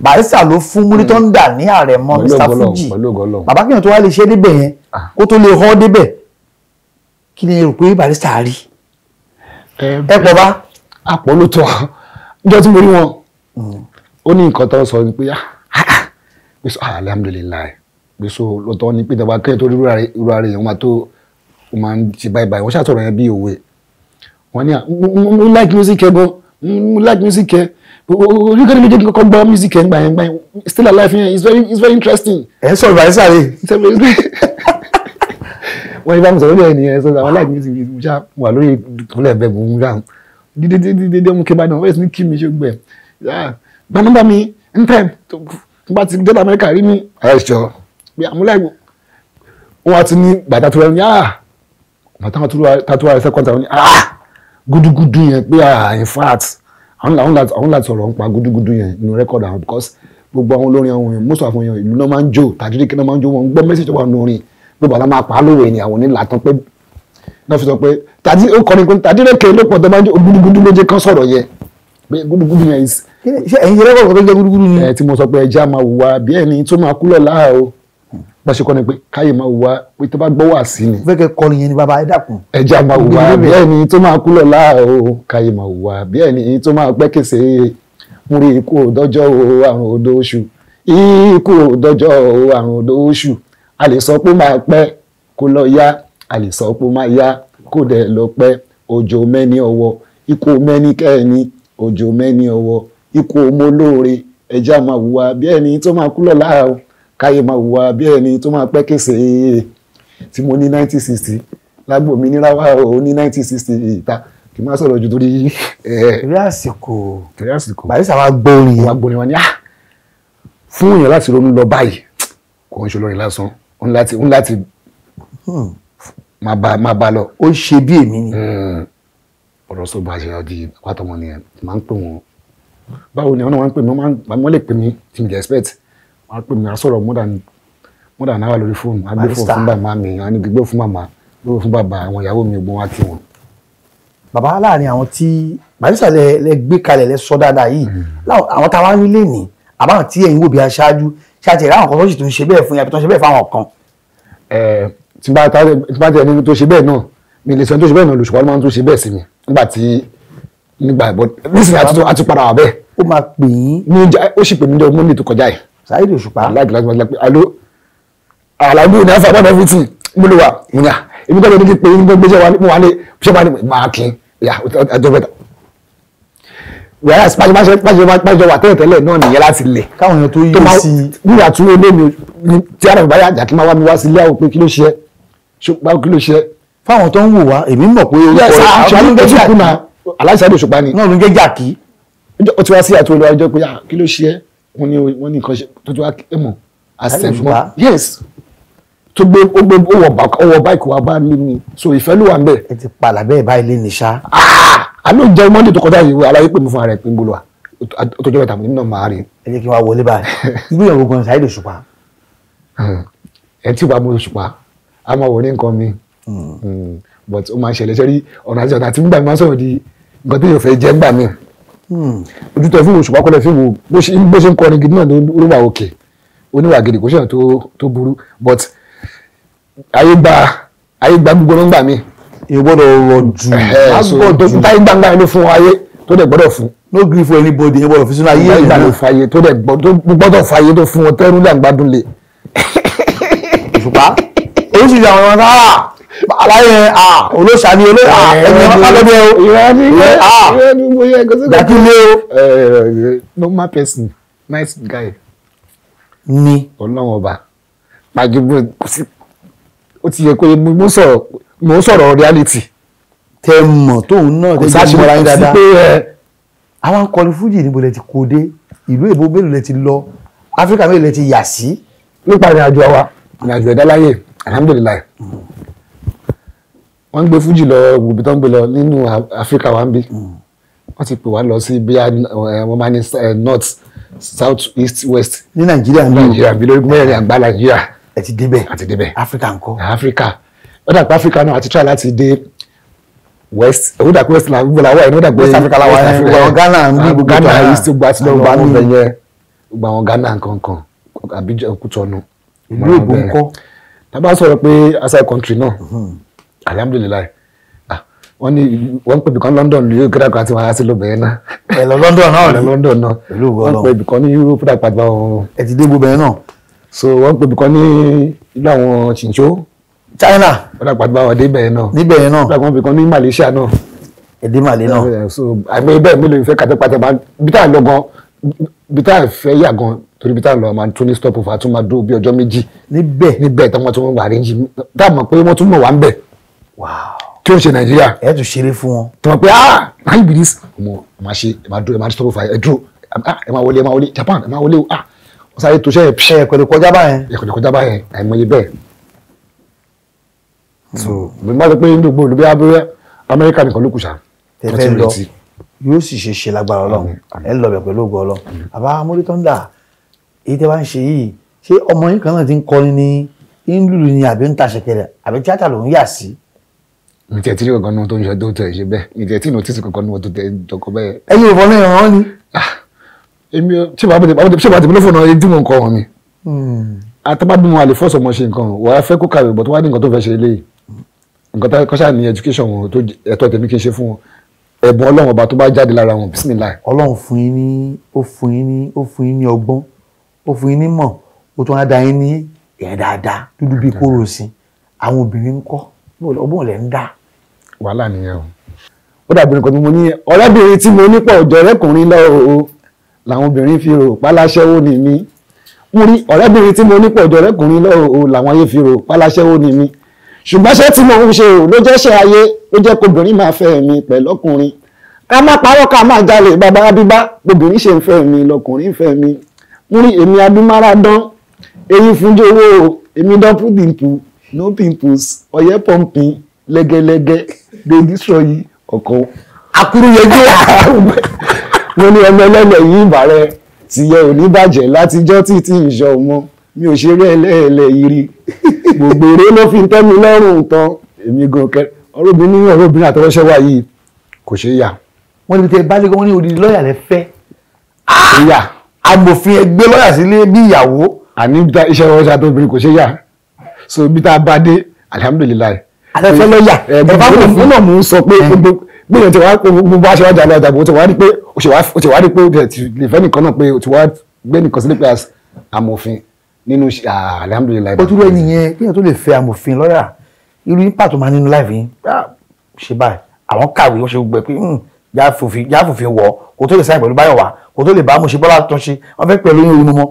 Speaker 1: Barrister ló fún Múrítọ́ndà ní àrẹ̀mọ Mr Fuji bàbá kìnìún tó wá lè ṣe débẹ̀ yẹn ah. kó tó lè họ́ débẹ̀ kí ni rò pé Barrister rí ẹ pọ̀ bá. àpò ló tọ́ ọjọ́ tí mo rí wọn hmm. ó ní nǹkan tó ń sọ pé pé ah, sọ alhamdulilayi ah. pé so lọ́tọ̀ ni pé dàbà kẹ́yìn tó rí irú ara yẹn wọ́n máa tó wọ́n máa ń ṣe báyìí báyìí wọ́n ṣàtọ̀rọ̀ yẹn bí òwe wọ́n ní à mo like music ẹ gan mo like music ẹ olùkọ́ni méjèèjì kọ́kọ́ gbọ́ music ẹ̀ ń gbà yẹn gbà still alive yẹn it's very it's very interesting. ẹ ń sọ̀rọ̀ àìsàn rẹ̀. wọ́n yí bá mi sọ̀rọ̀ lórí ẹ̀nìyẹn sọ̀rọ̀ àwọn aláìní music yìí mo ṣá wà lórí ìkúnlẹ̀ ẹ̀bẹ̀ gbogbo dáhùn dídé dídé dídé mú kébà náà wọ́n yẹ sí kí mi ṣe gbẹ ah, gba nọ́mbà mi n time tó bá ti dọ́là Amẹ́ríkà rí mi àìsàn bí àmúlẹ̀gbọ̀ wọn ti ní bàtà tó rẹ ní ah bàtà tó rẹ sẹ́kọ̀ntà wọn ní ah gudugudu yẹn pé ah in fact àwọn láti sọ̀rọ̀ nípa gúdúgúdú yẹn nínú rẹ́kọ̀dù àwọn because gbogbo àwọn olórin àwọn èèyàn most of àwọn èèyàn ìlú náà máa ń jó tàdídì kí náà máa ń jó wọn gbọ́ mẹ́sàgì wà nù orin gbogbo àlá máa pa á lóore ni àwọn onílà tán pé náà fi sọ pé tàdí ó kọrin pé tàdírẹ́kẹ̀ ló pọ̀ tó máa ń jó gúdúgúdú ló jẹ́ kán sọ̀rọ̀ yẹn pé gúdúgúdú yẹn. ṣé ẹ̀yin rẹ́kọ̀dù tó jẹ́ gúdúgúdú ni. ẹ ti mo sọ pé ẹja máa wùwà bí ẹni tó máa kú lọ́la bọ́sẹ̀ kọ́ ni pé káyè máa wá pé tó bá gbọ́ wà sí ni. fẹ́kẹ̀ kọrin yẹn ni bàbá ẹ dákun. ẹja máa wá bí ẹni tó máa kú lọ́la o káyè máa wá bí ẹni tó máa pẹ́kẹ̀sẹ̀ múre ikú òdọ́jọ́ o àrùn odò oṣù ikú òdọ́jọ́ o àrùn odò oṣù a lè sọ pé máa pẹ́ kó lọ yá a lè sọ pé máa yá kó dẹ̀ lọ pẹ́ òjò mẹ́ni ọwọ́ ikú mẹ́ni kẹ́ni òjò mẹ́ni ọwọ́ ikú ọmọ olóore ẹja máa wá bí ẹni tó máa kú lọ́la o káyé máa wà bí ẹni tó máa pẹ́ kése tí mo ní 1960 lágbo mi níráwá o ní 1960 ìta kì máa sọ̀rọ̀ ju torí. torí àsìkò torí àsìkò bàrísà wa gbórin wa gbórin wa ní à ah! fún èèyàn láti ronú lọ báyìí kò ń ṣe olórin lásán ń láti ń láti hmm. máa bá máa bá lọ. ó ṣe bí èmi ni. Hmm. ọ̀rọ̀ sọ bá a ṣe ọdí pátọ́mọ nìyẹn máa ń pè wọ́n báwo ni àwọn náà máa ń pè mí wọ́n lè pè mí tí mi wọn á pè mí àsọ̀rọ̀ mọ́dà náírà lórí fóònù á gbé fóònù fún bàbá mi á ní gbé fún màmá gbé fún bàbá àwọn ìyàwó mi gbọ́n wá kí wọn. bàbá láàrin àwọn tí barista lẹ gbé kalẹ̀ lẹ sọ dáadáa yìí hmm. àwọn táwa ń rí lẹ́nìí àbáwọn tí ẹ̀yin wò bí aṣáájú ṣáàtì ẹ̀rọ àwọn kan tó sì tún ṣe bẹ́ẹ̀ fún yàtọ̀ tó ṣe bẹ́ẹ̀ fáwọn kan. tí bá tó ṣe bẹ́ẹ̀ náà mi lè sọ ẹni tó ṣe bẹ́ẹ̀ náà lòṣùpá ló máa ń tó ṣe bẹ́ẹ̀ sí mi nígbà tí nígbà ìbọn nísìnyí àti padà wà bẹ́ẹ̀. ó máa pè Saheed Òṣùpá. aláàgì láti máa gbé alo aláàbò ní afa one everything mo lè wà mo ní à èmi gbọ́dọ̀ ní kí pé mo gbé mo wà ní ṣé wà ní máa kí ya ọjọ́ bẹ́ẹ̀ wẹ́rẹ́ àti pàjọ wà tẹ́lẹ̀ tẹ́lẹ̀ náà nìyẹn láti lẹ̀. káwọn èèyàn tó yí sí i. nígbà tí ó lé mi tí àrà bàbá yàjà kí máa wá mi wá sí ilé àwọn pé kí ló ṣe é kí ló ṣe é. fáwọn tó ń wò wá èmi mọ̀ pé orúkọ rẹ̀ àwọn ọmọdé tó kùnà aláìsàn Òṣùpá ni. náà ló ń gé jàkí. o ti wá sí àti olùwàjọ pé kí ló ṣe é wọ́n ní wọ́n ní nǹkan ṣe tó ti wá yes tó gbé ó gbé ó wọ báìkì wa bá lé mi so ìfẹ́ ló wà ń bẹ̀. ẹ ti pààlà bẹ́ẹ̀ báyìí lé ní ṣá. àló ah! jẹ́ mọ́ndé tó kọjá yìí aláyé pè mí fún ara ẹ̀ pé ń bolo wa tọjọ́ bẹ̀ta nínú máa rí. ẹ jẹ́ kí wàá wọlé báyìí ibi ìyàwó gan Saheed Òṣùpá. ẹ tí wàá mú Òṣùpá a máa wò ní nǹkan mi hmm. Hmm. but ó máa ṣẹlẹ̀ ṣẹ́rí ọ̀nà àti ọ̀nà àti nígbà mi máa sọ̀rọ̀ di nǹkan tó yóò fẹ́ jẹ́ ojú tẹ fíìmù ṣùgbọ́n kọ́lẹ̀ fíìmù bó ṣe ń kọrin gidi náà ló wà òkè oníwà gidi kò ṣèyàn tó burú but ayé gba ayé gba gbogbo nọ́mbà mi. ìgbọ́dọ̀ rọ jù lágbọ́dọ̀ tó táyé gbangba ẹni fún ayé tó dẹ̀ gbọ́dọ̀ fún. no gree for anybody ẹ gbọ́dọ̀ fi sínú ayé ìgbà ló fàyè tó dẹ̀ gbọ́dọ̀ fàyè tó fún wọn tẹ́rù lẹ́gbàdúnlé. òṣùpá oríṣiríṣi àwọn ọmọ sáà aláyẹ à olóṣà ni olóṣà ẹni ọmọ lọ́bí ẹ o dàkí lé o. normal person nice guy ni ọlọ́run ọba pàjùbọ kò sí ó ti yẹ pé mo sọ̀rọ̀ sọ̀rọ̀ reality. tẹ mọ̀ tóun náà tẹ jẹ́ mọ́ra yín dáadáa àwọn akọni fújì níbo lẹ ti kó dé ìlú èbó mélòó lẹ ti lọ áfíríkà mélòó lẹ ti yà sí. nípa ìrìnàjò àwa ìrìnàjò ẹ̀dá láyè alhamdulilayi wọ́n ń gbé fújì lọ gbòbí tó ń gbé lọ nínú áfíríkà wa ń bí wọ́n ti pè wá lọ sí bíyà eh, wọ́n máa ní eh, north south east west. ní nàìjíríà ní nàìjíríà bí lórí mẹ́rin àgbà nàìjíríà. ẹ ti débẹ̀ àti débẹ̀ áfíríkà ńkọ́. áfíríkà ó dà pé áfíríkà náà àti try láti dé west ó dà west la gbogbo la wà yẹn ó dà west africa la wà yẹn gbogbo àwọn ghana ń bí gbogbo ghana east gbogbo àti lọ́wọ́ àwọn ọmọ gbogbo àwọn ghana nkankan àbíjọ kútọ́nu. ìlú èbó ńkọ́. tá a bá sọ̀rọ̀ pé aside country náà. No. Mm -hmm alihamudulilayi ah, wọ́n ní wọ́n pè bìkan London lu yóò kíra kan àti wàhálà sí lóbìnrin náà. ẹ lọ London náà lọ London náà wọ́n pè bìkan ní Europe dà pàdé báwọn. ẹ ti dé gbobìnrin náà. so wọ́n pè bìkan ní ilé àwọn chincho. China. wọ́n dà pàdé báwọn dé bẹ̀rẹ̀ náà. níbẹ̀ yẹn náà. wọ́n dà pàdé bìkan ní Malaysia náà. èdè Mali náà. so àgbẹ̀ bẹ́ẹ̀ mélòó ìfẹ́ kàtẹ́pàtẹ́ máa bí tá à ń lọ gan bí tá à fẹ́ yà gan torí bí tá à ń lọ máa tún ní stop over àtúmọ̀ dúró bí ọjọ́ méjì. níbẹ̀ níbẹ̀ tí wọ́n tún wà tí ó ń ṣe nàìjíríà. ẹ tún ṣeré fún wọn. tí wọn pe ah nine minutes mo ma ṣe ẹ ma dúró ẹ ma sọ̀rọ̀ fà ẹ dúró ah, ah, ẹ ma wọlé ẹ ma wọlé Japan ẹ ma wọlé o ah wọn sáré tó ṣe ẹ pṣẹ. ẹ kọ̀lẹ̀ kọjá báyẹn. ẹ kọ̀lẹ̀ kọjá báyẹn àìmọye bẹ́ẹ̀. Hmm. so bí wọ́n ti pé inú gbogbo olùbí abẹ́rẹ́ amẹ́ríkà nìkan ló kù sá. tẹ́fẹ́ lọ yóò sì ṣe ṣe lágbára ọlọ́run ẹ ń lọbẹ̀ pẹ̀lú ògo ọlọ́run àbá mórítọ́ndà èyí tẹ́ bá ń ṣe yìí ṣé ọmọ yín kan náà mi tẹ̀ tí rí kankan nu tó ń ṣe tó tẹ̀ ṣe bẹ́ẹ̀ mi tẹ̀ tí notice kankan nu tó tẹ̀ jọkọ bẹ́ẹ̀. ẹyin ìbọn náà ràn án ni. Ah, èmi ṣé bàbá tèmi ṣé bàbá tèmi ló fònà ojú mọ nǹkan mi. àtàbà hmm. bí mo àlè fọ́ọ̀sì ọmọ ṣe nǹkan wà á fẹ́ kó kàwé bọ̀ tó wá ní nǹkan tó fẹ́ ṣe eléyìí nǹkan tá kọ́ṣà ní education wọn tó ẹ̀tọ́ tèmi kì í ṣe fún wọn ẹ̀bùn ọlọ́run ọba tó bá jáde lára wọn bismillah. ọlọ́run fún yín ní ó fún yín ní ó fún yín ní ọgbọ́n ó fún yín ní mọ̀ ó tún á da yín ní àwọn obìnrin ń kọ́ ọgbọ́n lẹ̀ ń dá. wàhálà nìyẹn o ó dàbí nǹkan tí mo ní ọ̀rẹ́bìnrin tí mo ní pọ̀ ọ̀jọ̀ ọ̀rẹ́kùnrin lọ́wọ́ làwọn obìnrin fi rò páláṣẹ́wó ni mí mo ní ọ̀rẹ́bìnrin tí mo ní pọ̀ ọ̀jọ̀ ọ̀rẹ́kùnrin lọ́wọ́ o làwọn ayé fi rò páláṣẹ́wó ni mí ṣùgbọ́n ṣé tí mo ń ṣe o ló jẹ́ ṣe ayé ló jẹ́ kóbìnrin máa fẹ́ mi pẹ̀lú ọkùnrin ká má parọ́ ká má jalè bàbá abíbá kóbìnrin ṣe ń fẹ́ mi lọkùnrin ń fẹ́ mi mo ní èmi abímáradán eyín fúnjọ owó èmi no pimples ọyẹ pumping lẹ́gẹ́lẹ́gẹ́ dey destroy ọkọ. akuru yẹjú wọn ni ọmọ ẹlẹ́lẹ̀ yìí ìbàrẹ̀ tìyẹ ò ní bàjẹ́ látijọ́ títí ìṣọ́ ọmọ mi ò ṣeré ẹlẹ́ẹ̀lẹ́ yìí rí gbogbo eré ló fi ń tẹ́ mi lọ́rùn tán èmi gan kẹ ọ̀rọ̀bìnrin ní ọ̀rọ̀bìnrin àtọwọ́ṣẹ́ wà yìí kò ṣe yà. wọ́n ní tẹ bálẹ̀ wọ́n ní odidi lọ́ọ̀yà rẹ fẹ́. àmọ̀fin ah! ẹgbẹ́ lọ́ọ̀yà sílé bí ìyàwó. àní iṣẹ́ ọjà tóbi kò ṣe yà so ibi tá a bá dé alihamudulilayi. afẹ́fẹ́ lọ́yà eh, ẹ̀fọ́ fún náà mò ń sọ pé gbìyànjú tí wàá gbogbo aṣọ àjà lọ́jà bò ó ti wá rí pé ó ti wá rí pé ó ti lè fẹ́ nìkan náà pé ó ti wá gbé nìkan sílé pé amòfin nínú ah, alihamudulilayi. ojú rẹ nìyẹn bí èèyàn tó lè fẹ́ amòfin lọ́yà irú impact tó máa nínú láìpẹ́ yín ah, ṣe báyìí àwọn kàwé wọ́n ṣe gbẹ pé jáfòfin hmm, wọ̀ kó tó lè sáyẹn pẹ̀lú báyọ̀ wá kó tó lè bá amòṣe bọ́lá tó ṣe wọ́n fẹ́ pẹ̀lú yín orí mọ́mọ́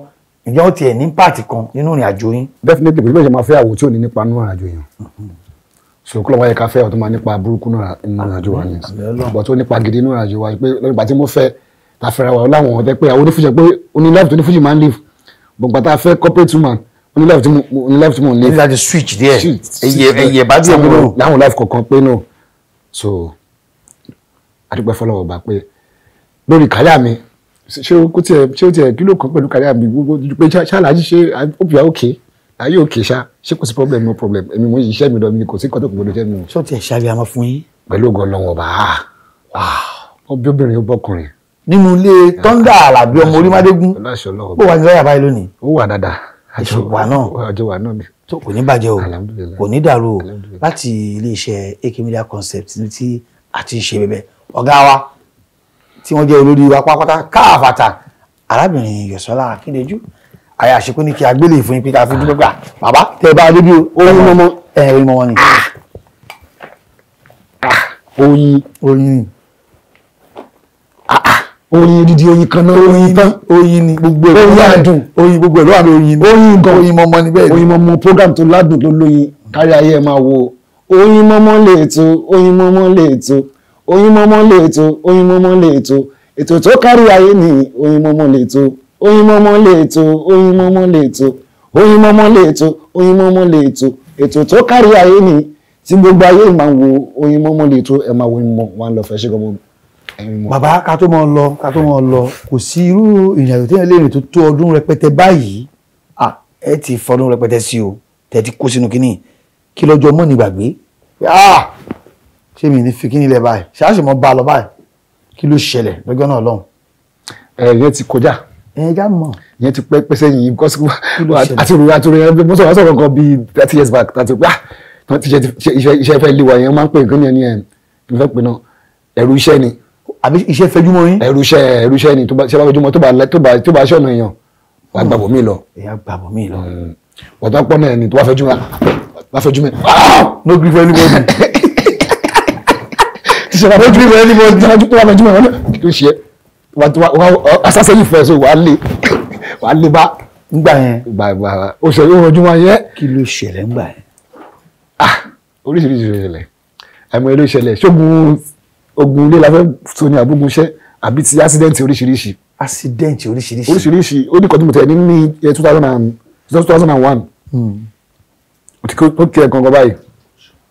Speaker 1: ìyẹn ó tiẹ̀ ní pààtì kan nínú ìrìn àjò yín. definitely kò sí bẹ́ẹ̀ ṣe máa fẹ́ àwò tí ò ní nípa nínú ìrìn àjò yẹn so kúlọ̀ wáyé ká fẹ́ ọ̀ tó máa nípa burúkú náà nínú ìrìn àjò wa ni bọ̀ tó nípa gidi nínú ìrìn àjò wa pé lọ́dún ìgbà tí mo fẹ́ la fẹ́ra wa láwọn ọ̀tẹ́ pé àwọn onífúnjẹ pé oní life tó onífúnjẹ máa ń live gbọ̀ngbà tá a fẹ́ corporate woman oní life tí mo oní life tí mo ń live. nígbà switch díẹ̀ ẹyẹ ẹyẹ bá díẹ̀ múlò. láwọn life kọ̀ọ̀kan pé náà so adúpẹ́ fọlọ́wọ́ bá pé lórí kàyà ṣé ó tiẹ̀ ṣé ó tiẹ̀ kí ló kàn pẹ̀lú kárí àmì gbogbo pé ṣáàlájì ṣe òbí òkè ayé òkè ṣá ṣé kò sí problem no problem èmi mo ṣiṣẹ́ mi lọ mi kò sí kọ́tò kò gbọdọ̀ jẹ́ mi. ṣó tiẹ̀ ṣàlẹ̀ àmọ́ fún yín. pẹ̀lú ògo Ọlọ́run ọba ah, ah, bí obìnrin ó bọ́kùnrin. nínú ilé tọ́ndà àlàbí ọmọ orímádégún bó wà ní lọ́yà báyìí lónìí. ó wà dáadáa. àjọ wà náà àjọ wà náà ni. tó kò ní bàjẹ́ o kò ní dàrú o láti iléeṣẹ́ AK Media Concept a ti ṣe bẹ́ẹ̀ ọ̀gá wa tí wọ́n jẹ́ olórí wa pápátá káàfàtà arábìnrin Yọ̀sọ́lá Akíndéjú àyà àṣekú ní kí agbélé fún yín pé ká fi dúpẹ́ gbà bàbá tẹ bá débi oyin mọ́mọ́ ẹ oyin mọ́mọ́ ni. Ah! Ah! oyin oyin ah! oyin dídí oyin kan náà oyin tán oyin ni gbogbo ẹ̀ oyin àdùn oyin gbogbo ẹ̀ ló wà ní oyin ni oyin gan oyin mọ́mọ́ ni bẹ́ẹ̀ ni oyin mọ́mọ́ program tó ládùn tó lóyin kárí ayé ẹ máa wo oyin mọ́mọ́ lè tó oyin mọ́mọ́ lè tó Oyinmomo lètò Oyinmomo lètò ètò tó kárí ayé ni Oyinmomo eto Oyinmomo lètò Oyinmomo lètò Oyinmomo lètò Oyinmomo lètò ètò tó kárí ayé ni tí gbogbo ayé máa wo Oyinmomo lètò ẹ máa wo Oyinmomo wọn lọ fẹ ṣe gbọmọ. bàbá ká tó mọ lọ ká tó mọ lọ kò sí irú ìrìnàjò tí yẹn lè rìn tó tó ọdún rẹpẹtẹ báyìí ẹ ti fọdún rẹpẹtẹ sí o tẹ ti kó sínú kínní kí lọ́jọ́ mọ́ nígbàgbé ṣé mi ní fi kí nílẹ̀ báyìí ṣáà ṣì bá a lọ báyìí kí ló ṣẹlẹ̀ lọ́jọ́ náà lọ́hùn. ẹ̀yẹ ti kọjá. ẹ̀yẹ já mọ̀. ìyẹn ti pẹ́ pẹ́sẹ́ yìí because àti òrùra àti òrùra mo sọ̀rọ̀ sọ̀rọ̀ kan bíi thirty years back thirty pé ah iṣẹ́ fẹ́ lé wa yẹn máa ń pè nǹkan ní ẹni ẹ̀ ń fẹ́ pè náà ẹ̀rù iṣẹ́ ni. àbí iṣẹ́ fẹjúmọ́ yín. ẹ̀rù iṣẹ́ ẹ̀rù iṣẹ́ ni tó bá fẹjúmọ́ tó bá tó bá ṣọ̀nà èèyàn wà gbàbọ̀ mí lọ. èèyàn gbàbọ̀ mí lọ. Mm. ọ̀tọ́ pọ́n náà ni tó bá fẹjú mi. no gree for anybody. ṣẹlẹ̀ àbójú mi rẹ ni mo dájú pé wà lọ́jọ́ mọ̀ kí ló ṣe asásẹ́yìn fẹ́ so wà á lè wà á lè bá. ngbà yẹn oṣù yóò rọjú wọn yẹ. kí ló ṣẹlẹ̀ ngbà yẹn. ni ah, eh, two thousand and two thousand and one. Hmm. ó ti kí ẹ̀ kankan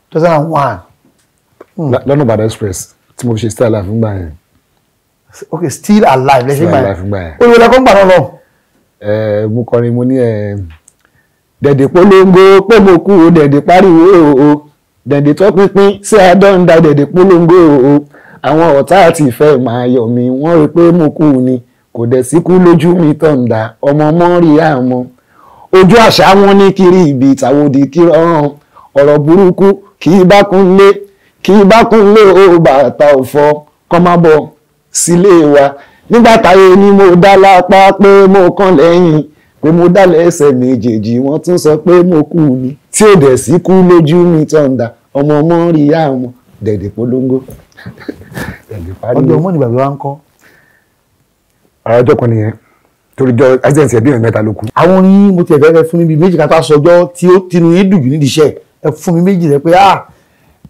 Speaker 1: two thousand and one. Hmm. lọ́nà ìbàdàn express tí mo fi ṣe still alive ńgbà yẹn. ok still alive lẹ́sìn gbà yẹn olùwẹ̀lẹ̀ kó ń gbà náà lọ. Eh, mo kọrin mo ní eh, dẹ̀dẹ̀ polongo pé mo kú o dẹ̀dẹ̀ pariwo o dẹ̀dẹ̀ tó pínpín sí adọ́ńdà dẹ̀dẹ̀ polongo o àwọn ọ̀tá àti ìfẹ́ máa yọ̀ mí wọ́n rí pé mo kú ni kò dẹ̀ síkú lójú mi tọ̀ǹda ọmọ ọmọ rí àmọ́ ojú àṣà wọn ní kiri ibi ìtàwọ́dì kí ọ̀ràn burúkú kì í bá lé kí bákúnlé o bàtà ọ̀fọ̀ kọ́ má bọ̀ sílé wa nígbà táyé ni mo dá lápá pé mo kàn lẹ́yìn pé mo dá lẹ́sẹ̀ méjèèjì wọ́n tún sọ pé mo kú ni tí ò dẹ̀ sí kú lójú mi tọ̀ǹda ọmọ ọmọ rí yá wọn dẹ̀dẹ̀ polongo. ọjọ́ ọmọ ni bàbá wa ń kọ́. ọjọ́ kan nìyẹn torí jọ ẹsẹ̀nsẹ̀ bí ìrìn mẹ́ta ló kù. àwọn orin mo ti ẹ̀fẹ́ fún mi bíi méjì ká tó aṣọ ọjọ́ tí ó tinú yín dùn nídìí iṣẹ́ ẹ fún mi méjì rẹ pé ah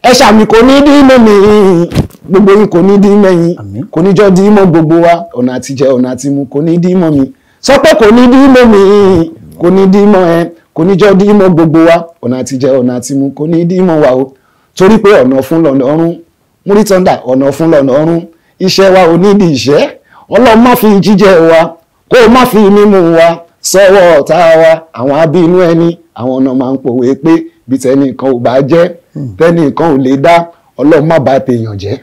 Speaker 1: ẹ mi kò ní dín inú mi gbogbo yín kò ní dín mẹ́yìn kò ní jọ dín mọ́ gbogbo wa ọ̀nà àtijẹ ọ̀nà àtimu kò ní dín mi sọ pé kò ní dín mọ́ mi kò ní dín mọ́ ẹ kò ní jọ dín gbogbo wa ọ̀nà àtijẹ ọ̀nà àtimu kò ní dín wa o torí pé ọ̀nà fún lọ́nà ọ̀run múrí tọ́ndà ọ̀nà fún lọ́nà ọ̀run wa ò ní di fi jíjẹ wa kó o má fi wa sọ́wọ́ ọ̀tá wa àwọn abínú ẹni àwọn ọ̀nà máa ń bí tẹ́nì kan ò bá jẹ́ hmm. tẹ́nì kan ò lè dá ọlọ́run má bá tèèyàn jẹ́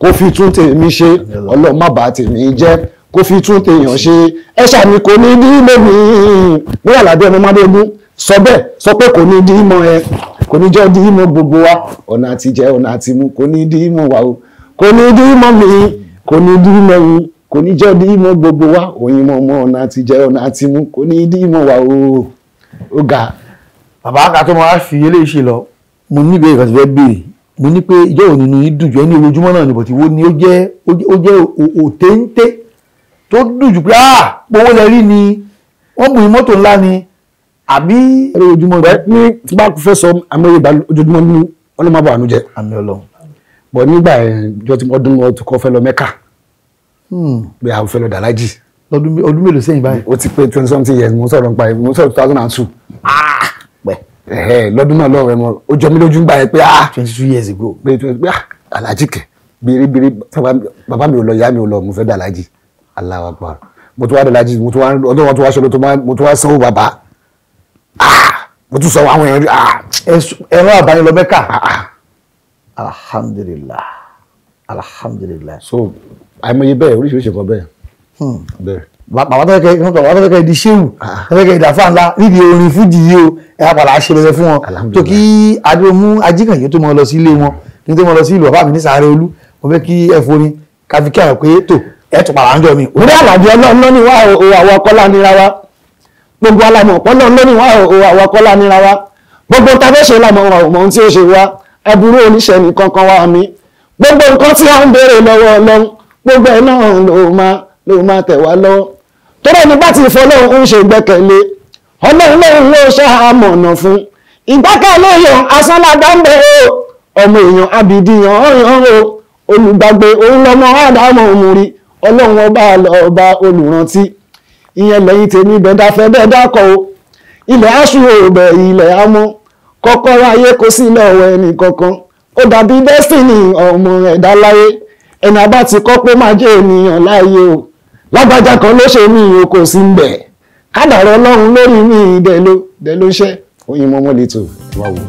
Speaker 1: kó fi tún tèmi ṣe ọlọ́run má bá tèmi jẹ́ kó fi tún tèèyàn ṣe ẹ ṣàmì kò ní dí mọ́ mi ní àlàdé ọmọ mádégún sọ bẹ́ẹ̀ sọ pé kò ní dí mọ́ ẹ kò ní jẹ́ dí mọ́ gbogbo wa ọ̀nà àtijẹ ọ̀nà àtimu kò ní dí mọ́ wa o kò ní dí mọ́ mi kò ní dí mọ́ mi kò ní jẹ́ dí mọ́ gbogbo wa òyìnbó ọmọ ọ̀nà àtijẹ ọ̀nà àtimu kò ní dí mọ́ wa o ó ga bàbá ká tó máa fi eléyìí ṣe lọ mo ní ìbéèrè kan ti fẹ́ béèrè mo ní pé ìjọ òní ni yín dùjú ẹni ojoojúmọ́ náà nìbọ̀ tí wo ni ó jẹ́ ó jẹ́ òtéńté tó dùjú pé ah gbowó lẹ rí ni wọ́n bù yín mọ́tò ńlá ni àbí. ẹ̀rọ ojúmọ́ rẹ̀ ní tí bá fẹ́ sọ amẹ́rẹ́ ojoojúmọ́ ní ọlọ́mọ àbọ̀ ànújẹ. àmì ọlọ́run. bọ̀ nígbà ìjọ tí ọdún ọtún kọ́ fẹ́ lọ mẹ́kà hmm. pé àwọn fẹ́ lọ dàlájì. ọdún mélòó sẹ́yìn báyìí. ó ti pé twenty something years mo sọ̀rọ̀ nípa mo sọ̀rọ̀ two thousand and two. ah lọ́dún náà lọ́rọ̀ ẹ̀mọ́ o jọ mí lójú ń gbà yẹn pé ah twenty two years ago pé ah! alájí kẹ biribiri bàbá mi ò lọ ìyá mi ò lọ mo fẹ́ dà alájí Allahu Akbar mo tún wá dà alájí mo tún wá ọdún wọn tún wá ṣọlọ mo tún wá sanwó bàbá ah mo tún sọ àwọn èèyàn ah. ẹ̀rọ àbánilọ mẹ́kà ah, ah. alhamdulillah alhamdulillah. so àìmọye bẹ́ẹ̀ oríṣiríṣi kan bẹ́ẹ̀ hmm. bẹ́ẹ̀ bàbá tó kẹ ìfúnpọ̀ bàbá tó kẹ ìdí ṣéwù ah. tó kẹ ìdàfà ńlá níbi orin fújì yìí o ẹ apàdà àṣeyẹyẹ fún wọn tó kí adéomú ajíkànyé tó mọ lọ sí ilé wọn kí n tó mọ lọ sí ìlú bàbá mi ní sàárẹ̀ olú mo fẹ́ kí ẹ forin káfí kí àwọn pé tó ẹ tún padà ń jọ mi. orí àlàjì ọlọ́run lónìí wá o àwọn ọkọ́lá nira wa gbogbo alamọ̀ ọ̀pọ̀lọ́ lónìí wá o àwọn ọkọ́lá nira wa gbogbo tabẹ́ṣe lamọ̀ ọ̀mọ̀ ohun tí ó ṣe wa aburú oníṣẹ́ nìkan kan wá mi gbogbo nǹkan tí a ń béèrè lọ́wọ́ ọlọ́run gbogbo ẹ̀ náà ló máa tẹ̀ wá lọ́wọ́ tọ́rọ bá ti ìfọlọ́hún ń ṣe ìgbẹ́kẹ̀lé ọlọ́run lóun ló ṣe ọ̀nà fún ìgbẹ́kẹ̀lé èèyàn asánlágbá ń bẹ o ọmọ èèyàn abidiyan ọ̀yàn o olùgbàgbé òun lọmọ àdámọ̀ òmùrí ọlọ́run ọba olùrántí ìyẹn lẹ́yìn tèmi bẹ́ẹ̀ dákọ̀ o ilẹ̀ ayé kò sí lọ́wọ́ ẹnì kankan ó dàbí destiny ọmọ ẹ̀dá láyé lágbájá kan ló ṣe mí o kò sí ń bẹ̀ kádàrá ọlọ́run lórí mi dẹ̀ ló dẹ̀ ló ṣẹ́ Oyinmomo Little wá wò.